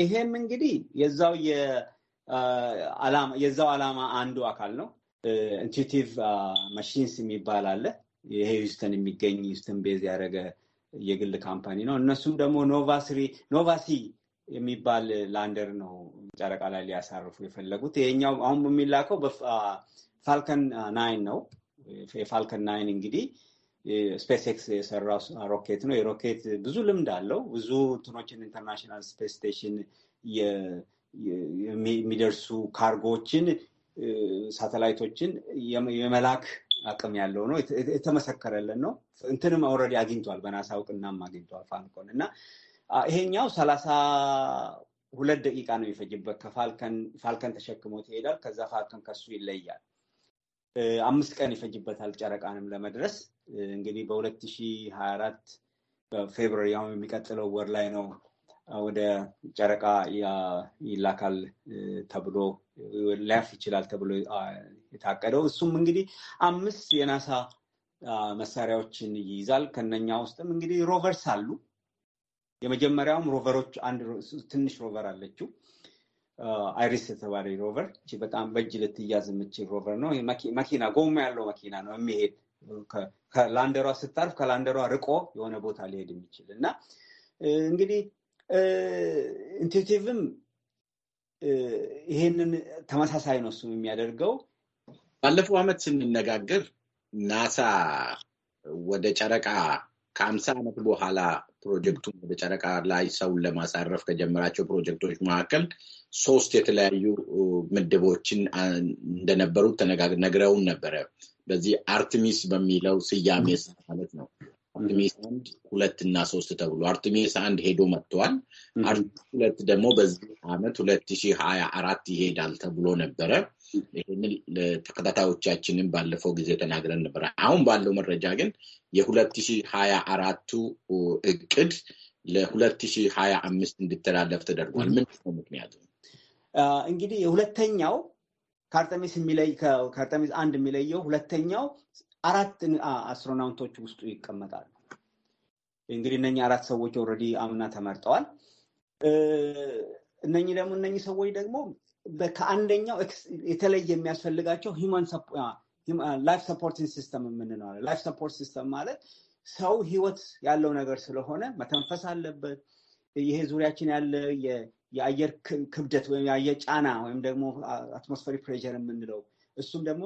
ይሄም እንግዲህ የዛው
የዛው ዓላማ አንዱ አካል ነው። ኢንቱቲቭ ማሽንስ የሚባል አለ። ይሄ ሂውስተን የሚገኝ ዩስተን ቤዝ ያደረገ የግል ካምፓኒ ነው። እነሱም ደግሞ ኖቫሲ የሚባል ላንደር ነው ጨረቃ ላይ ሊያሳርፉ የፈለጉት። ይሄኛው አሁን የሚላከው ፋልከን ናይን ነው። የፋልከን ናይን እንግዲህ ስፔስ ኤክስ የሰራው ሮኬት ነው። የሮኬት ብዙ ልምድ አለው። ብዙ እንትኖችን ኢንተርናሽናል ስፔስ ስቴሽን የሚደርሱ ካርጎዎችን፣ ሳተላይቶችን የመላክ አቅም ያለው ነው። የተመሰከረለን ነው። እንትንም ኦልሬዲ አግኝቷል። በናሳ እውቅናም አግኝቷል ፋልኮን እና ይሄኛው ሰላሳ ሁለት ደቂቃ ነው የፈጅበት። ከፋልከን ተሸክሞት ይሄዳል። ከዛ ፋልከን ከሱ ይለያል። አምስት ቀን ይፈጅበታል ጨረቃንም ለመድረስ እንግዲህ በ 2024 ሀያ በፌብሩዋሪ አሁን የሚቀጥለው ወር ላይ ነው ወደ ጨረቃ ይላካል ተብሎ ሊያርፍ ይችላል ተብሎ የታቀደው እሱም እንግዲህ አምስት የናሳ መሳሪያዎችን ይይዛል። ከነኛ ውስጥም እንግዲህ ሮቨርስ አሉ። የመጀመሪያውም ሮቨሮች አንድ ትንሽ ሮቨር አለችው አይሪስ የተባለ ሮቨር በጣም በእጅ ልትያዝ የምችል ሮቨር ነው። መኪና ጎማ ያለው መኪና ነው የሚሄድ ከላንደሯ ስታርፍ ከላንደሯ ርቆ የሆነ ቦታ ሊሄድ የሚችል እና እንግዲህ ኢንቱቲቭም ይሄንን ተመሳሳይ
ነው እሱም የሚያደርገው። ባለፈው ዓመት ስንነጋገር ናሳ ወደ ጨረቃ ከአምሳ ዓመት በኋላ ፕሮጀክቱን ወደ ጨረቃ ላይ ሰውን ለማሳረፍ ከጀመራቸው ፕሮጀክቶች መካከል ሶስት የተለያዩ ምድቦችን እንደነበሩ ነግረውን ነበረ። በዚህ አርትሚስ በሚለው ስያሜ ማለት ነው። አርትሚስ አንድ፣ ሁለት እና ሶስት ተብሎ አርትሚስ አንድ ሄዶ መጥተዋል። አርትሚስ ሁለት ደግሞ በዚህ ዓመት ሁለት ሺህ ሀያ አራት ይሄዳል ተብሎ ነበረ። ይህንን ተከታታዮቻችንን ባለፈው ጊዜ ተናግረን ነበረ። አሁን ባለው መረጃ ግን የሁለት ሺህ ሀያ አራቱ እቅድ ለሁለት ሺህ ሀያ አምስት እንዲተላለፍ ተደርጓል። ምንድን ነው ምክንያቱ? እንግዲህ ሁለተኛው
ከአርጠሚስ የሚለይ ከአርጠሚስ አንድ የሚለየው ሁለተኛው አራት አስትሮናውቶች ውስጡ ይቀመጣሉ። እንግዲህ እነኛ አራት ሰዎች ኦልሬዲ አምና ተመርጠዋል። እነኚህ ደግሞ እነኚህ ሰዎች ደግሞ ከአንደኛው የተለየ የሚያስፈልጋቸው ላይፍ ሰፖርቲንግ ሲስተም የምንለው ላይፍ ሰፖርት ሲስተም ማለት ሰው ህይወት ያለው ነገር ስለሆነ መተንፈስ አለበት። ይሄ ዙሪያችን ያለ የአየር ክብደት ወይም የአየር ጫና ወይም ደግሞ አትሞስፌሪ ፕሬሸር የምንለው እሱም ደግሞ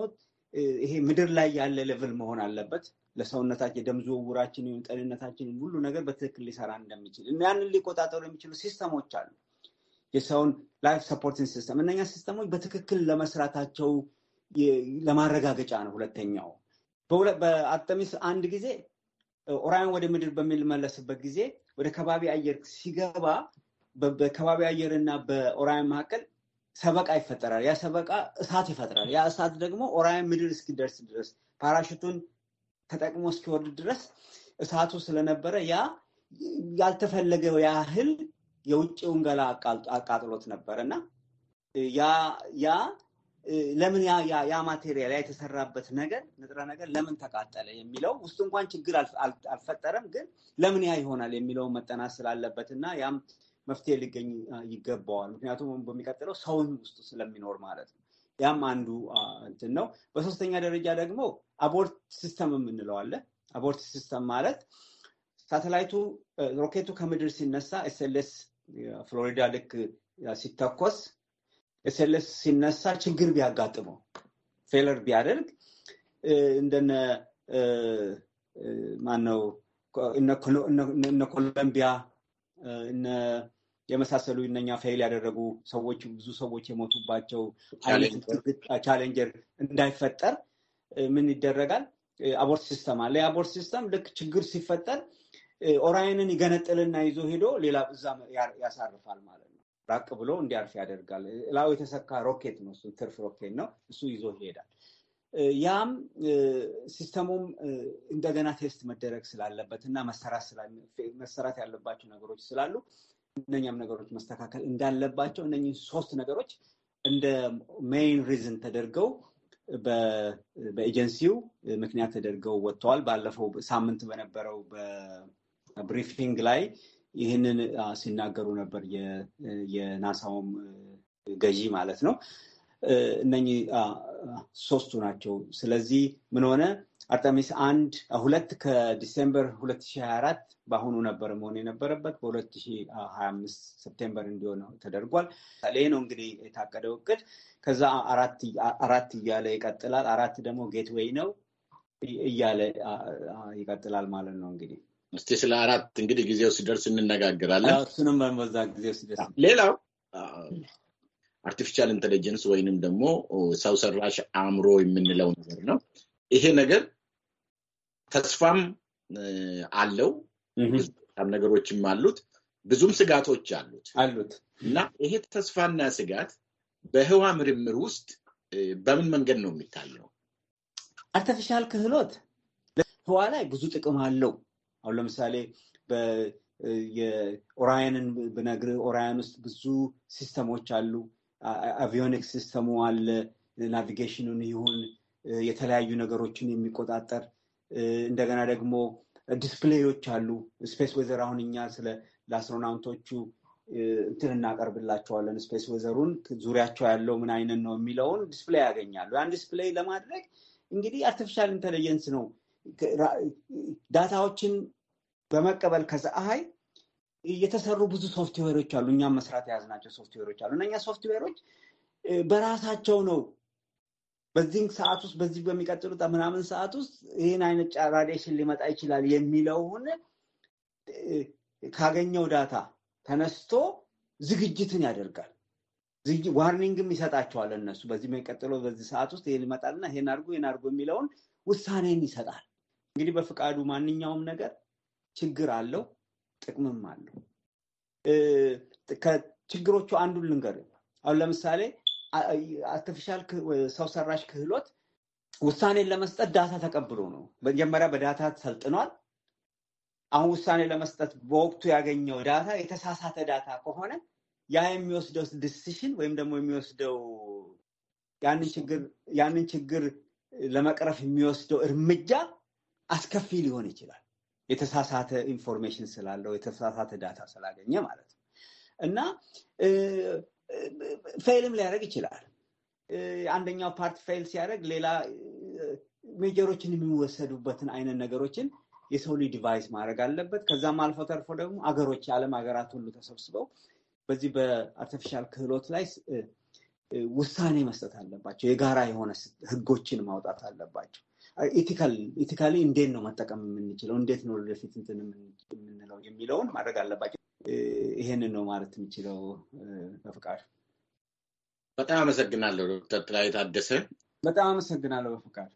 ይሄ ምድር ላይ ያለ ሌቭል መሆን አለበት። ለሰውነታችን የደም ዝውውራችን፣ ጤንነታችን ሁሉ ነገር በትክክል ሊሰራ እንደሚችል ያንን ሊቆጣጠሩ የሚችሉ ሲስተሞች አሉ። የሰውን ላይፍ ሰፖርቲንግ ሲስተም እነኛ ሲስተሞች በትክክል ለመስራታቸው ለማረጋገጫ ነው። ሁለተኛው በአርተሚስ አንድ ጊዜ ኦራያን ወደ ምድር በሚመለስበት ጊዜ ወደ ከባቢ አየር ሲገባ በከባቢ አየርና በኦራያን መካከል ሰበቃ ይፈጠራል። ያ ሰበቃ እሳት ይፈጥራል። ያ እሳት ደግሞ ኦራያን ምድር እስኪደርስ ድረስ ፓራሽቱን ተጠቅሞ እስኪወርድ ድረስ እሳቱ ስለነበረ ያ ያልተፈለገው ያህል የውጭውን ገላ አቃጥሎት ነበር እና ያ ለምን ያ ማቴሪያል ያ የተሰራበት ነገር ንጥረ ነገር ለምን ተቃጠለ የሚለው ውስጥ እንኳን ችግር አልፈጠረም፣ ግን ለምን ያ ይሆናል የሚለው መጠናት ስላለበት እና ያም መፍትሄ ሊገኝ ይገባዋል። ምክንያቱም በሚቀጥለው ሰውን ውስጡ ስለሚኖር ማለት ነው። ያም አንዱ እንትን ነው። በሶስተኛ ደረጃ ደግሞ አቦርት ሲስተም የምንለው አቦርት ሲስተም ማለት ሳተላይቱ ሮኬቱ ከምድር ሲነሳ ኤስኤልኤስ ፍሎሪዳ ልክ ሲተኮስ ኤስኤልኤስ ሲነሳ ችግር ቢያጋጥመው ፌለር ቢያደርግ እንደነ ማነው እነ ኮሎምቢያ እነ የመሳሰሉ እነኛ ፌል ያደረጉ ሰዎች ብዙ ሰዎች የሞቱባቸው ቻሌንጀር እንዳይፈጠር ምን ይደረጋል? አቦርት ሲስተም አለ። የአቦርት ሲስተም ልክ ችግር ሲፈጠር ኦራይንን ይገነጥልና ይዞ ሄዶ ሌላ እዛ ያሳርፋል ማለት ነው። ራቅ ብሎ እንዲያርፍ ያደርጋል። ላው የተሰካ ሮኬት ነው፣ እሱ ትርፍ ሮኬት ነው። እሱ ይዞ ይሄዳል። ያም ሲስተሙም እንደገና ቴስት መደረግ ስላለበት እና መሰራት ያለባቸው ነገሮች ስላሉ እነኛም ነገሮች መስተካከል እንዳለባቸው እነኚህ ሶስት ነገሮች እንደ ሜይን ሪዝን ተደርገው በኤጀንሲው ምክንያት ተደርገው ወጥተዋል። ባለፈው ሳምንት በነበረው ብሪፊንግ ላይ ይህንን ሲናገሩ ነበር። የናሳውም ገዢ ማለት ነው። እነኚህ ሶስቱ ናቸው። ስለዚህ ምን ሆነ? አርጠሚስ አንድ ሁለት ከዲሴምበር 2024 በአሁኑ ነበር መሆን የነበረበት በ2025 ሰፕቴምበር እንዲሆን ተደርጓል። ይህ ነው እንግዲህ የታቀደው እቅድ። ከዛ አራት እያለ ይቀጥላል። አራት ደግሞ ጌትዌይ ነው እያለ ይቀጥላል ማለት ነው እንግዲህ
እስቲ ስለ አራት እንግዲህ ጊዜው ሲደርስ እንነጋገራለን። እሱንም በዛ ሲደርስ ሌላው አርቲፊሻል ኢንቴሊጀንስ ወይንም ደግሞ ሰው ሰራሽ አእምሮ የምንለው ነገር ነው። ይሄ ነገር ተስፋም አለው ነገሮችም አሉት፣ ብዙም ስጋቶች አሉት አሉት እና ይሄ ተስፋና ስጋት በህዋ ምርምር ውስጥ በምን መንገድ ነው የሚታየው?
አርቲፊሻል ክህሎት ህዋ ላይ ብዙ ጥቅም አለው አሁን ለምሳሌ የኦራያንን ብነግር ኦራያን ውስጥ ብዙ ሲስተሞች አሉ። አቪዮኒክስ ሲስተሙ አለ። ናቪጌሽኑን ይሁን የተለያዩ ነገሮችን የሚቆጣጠር እንደገና ደግሞ ዲስፕሌዮች አሉ። ስፔስ ዌዘር አሁን እኛ ስለ ለአስትሮናውቶቹ እንትን እናቀርብላቸዋለን። ስፔስ ዌዘሩን ዙሪያቸው ያለው ምን አይነት ነው የሚለውን ዲስፕሌይ ያገኛሉ። ያን ዲስፕሌይ ለማድረግ እንግዲህ አርቲፊሻል ኢንተለጀንስ ነው ዳታዎችን በመቀበል ከፀሐይ የተሰሩ ብዙ ሶፍትዌሮች አሉ። እኛም መስራት የያዝናቸው ሶፍትዌሮች አሉ። እነኛ ሶፍትዌሮች በራሳቸው ነው በዚህ ሰዓት ውስጥ በዚህ በሚቀጥሉት ምናምን ሰዓት ውስጥ ይህን አይነት ራዲሽን ሊመጣ ይችላል የሚለውን ካገኘው ዳታ ተነስቶ ዝግጅትን ያደርጋል። ዋርኒንግም ይሰጣቸዋል። እነሱ በዚህ የሚቀጥለው በዚህ ሰዓት ውስጥ ይህን ይመጣልና ይህን አድርጉ ይህን አድርጉ የሚለውን ውሳኔን ይሰጣል። እንግዲህ በፍቃዱ ማንኛውም ነገር ችግር አለው፣ ጥቅምም አለው። ከችግሮቹ አንዱን ልንገር። አሁን ለምሳሌ አርቲፊሻል ሰው ሰራሽ ክህሎት ውሳኔን ለመስጠት ዳታ ተቀብሎ ነው። መጀመሪያ በዳታ ሰልጥኗል። አሁን ውሳኔ ለመስጠት በወቅቱ ያገኘው ዳታ የተሳሳተ ዳታ ከሆነ ያ የሚወስደው ዲሲሽን ወይም ደግሞ የሚወስደው ያንን ችግር ለመቅረፍ የሚወስደው እርምጃ አስከፊ ሊሆን ይችላል። የተሳሳተ ኢንፎርሜሽን ስላለው የተሳሳተ ዳታ ስላገኘ ማለት ነው። እና ፌልም ሊያደርግ ይችላል። አንደኛው ፓርት ፌል ሲያደርግ ሌላ ሜጀሮችን የሚወሰዱበትን አይነት ነገሮችን የሰው ልጅ ዲቫይስ ማድረግ አለበት። ከዛም አልፎ ተርፎ ደግሞ አገሮች የዓለም ሀገራት ሁሉ ተሰብስበው በዚህ በአርቲፊሻል ክህሎት ላይ ውሳኔ መስጠት አለባቸው። የጋራ የሆነ ህጎችን ማውጣት አለባቸው። ኢቲካል ኢቲካሊ እንዴት ነው መጠቀም የምንችለው፣ እንዴት ነው ወደፊት እንትን የምንለው የሚለውን ማድረግ አለባቸው። ይሄንን ነው ማለት የምችለው። በፍቃድ በጣም አመሰግናለሁ ዶክተር ጥላይ ታደሰ። በጣም አመሰግናለሁ በፍቃድ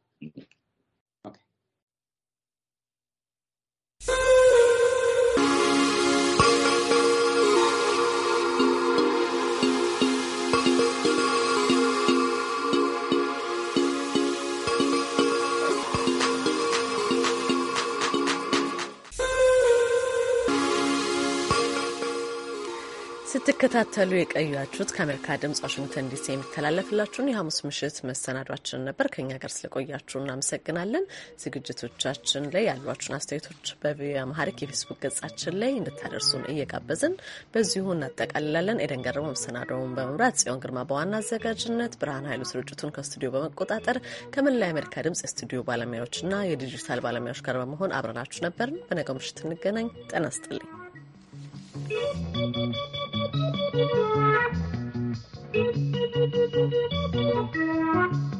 ስትከታተሉ የቀያችሁት ከአሜሪካ ድምጽ ዋሽንግተን ዲሲ የሚተላለፍላችሁን የሐሙስ ምሽት መሰናዷችን ነበር። ከኛ ጋር ስለቆያችሁ እናመሰግናለን። ዝግጅቶቻችን ላይ ያሏችሁን አስተያየቶች በቪኦኤ አማሪክ የፌስቡክ ገጻችን ላይ እንድታደርሱን እየጋበዝን በዚሁ እናጠቃልላለን። ኤደን ገረመ መሰናዶውን በመምራት ጽዮን ግርማ በዋና አዘጋጅነት፣ ብርሃን ኃይሉ ስርጭቱን ከስቱዲዮ በመቆጣጠር ከመላ የአሜሪካ ድምጽ የስቱዲዮ ባለሙያዎችና የዲጂታል ባለሙያዎች ጋር በመሆን አብረናችሁ ነበርን። በነገው ምሽት እንገናኝ። ጤና ይስጥልኝ።
Thank you.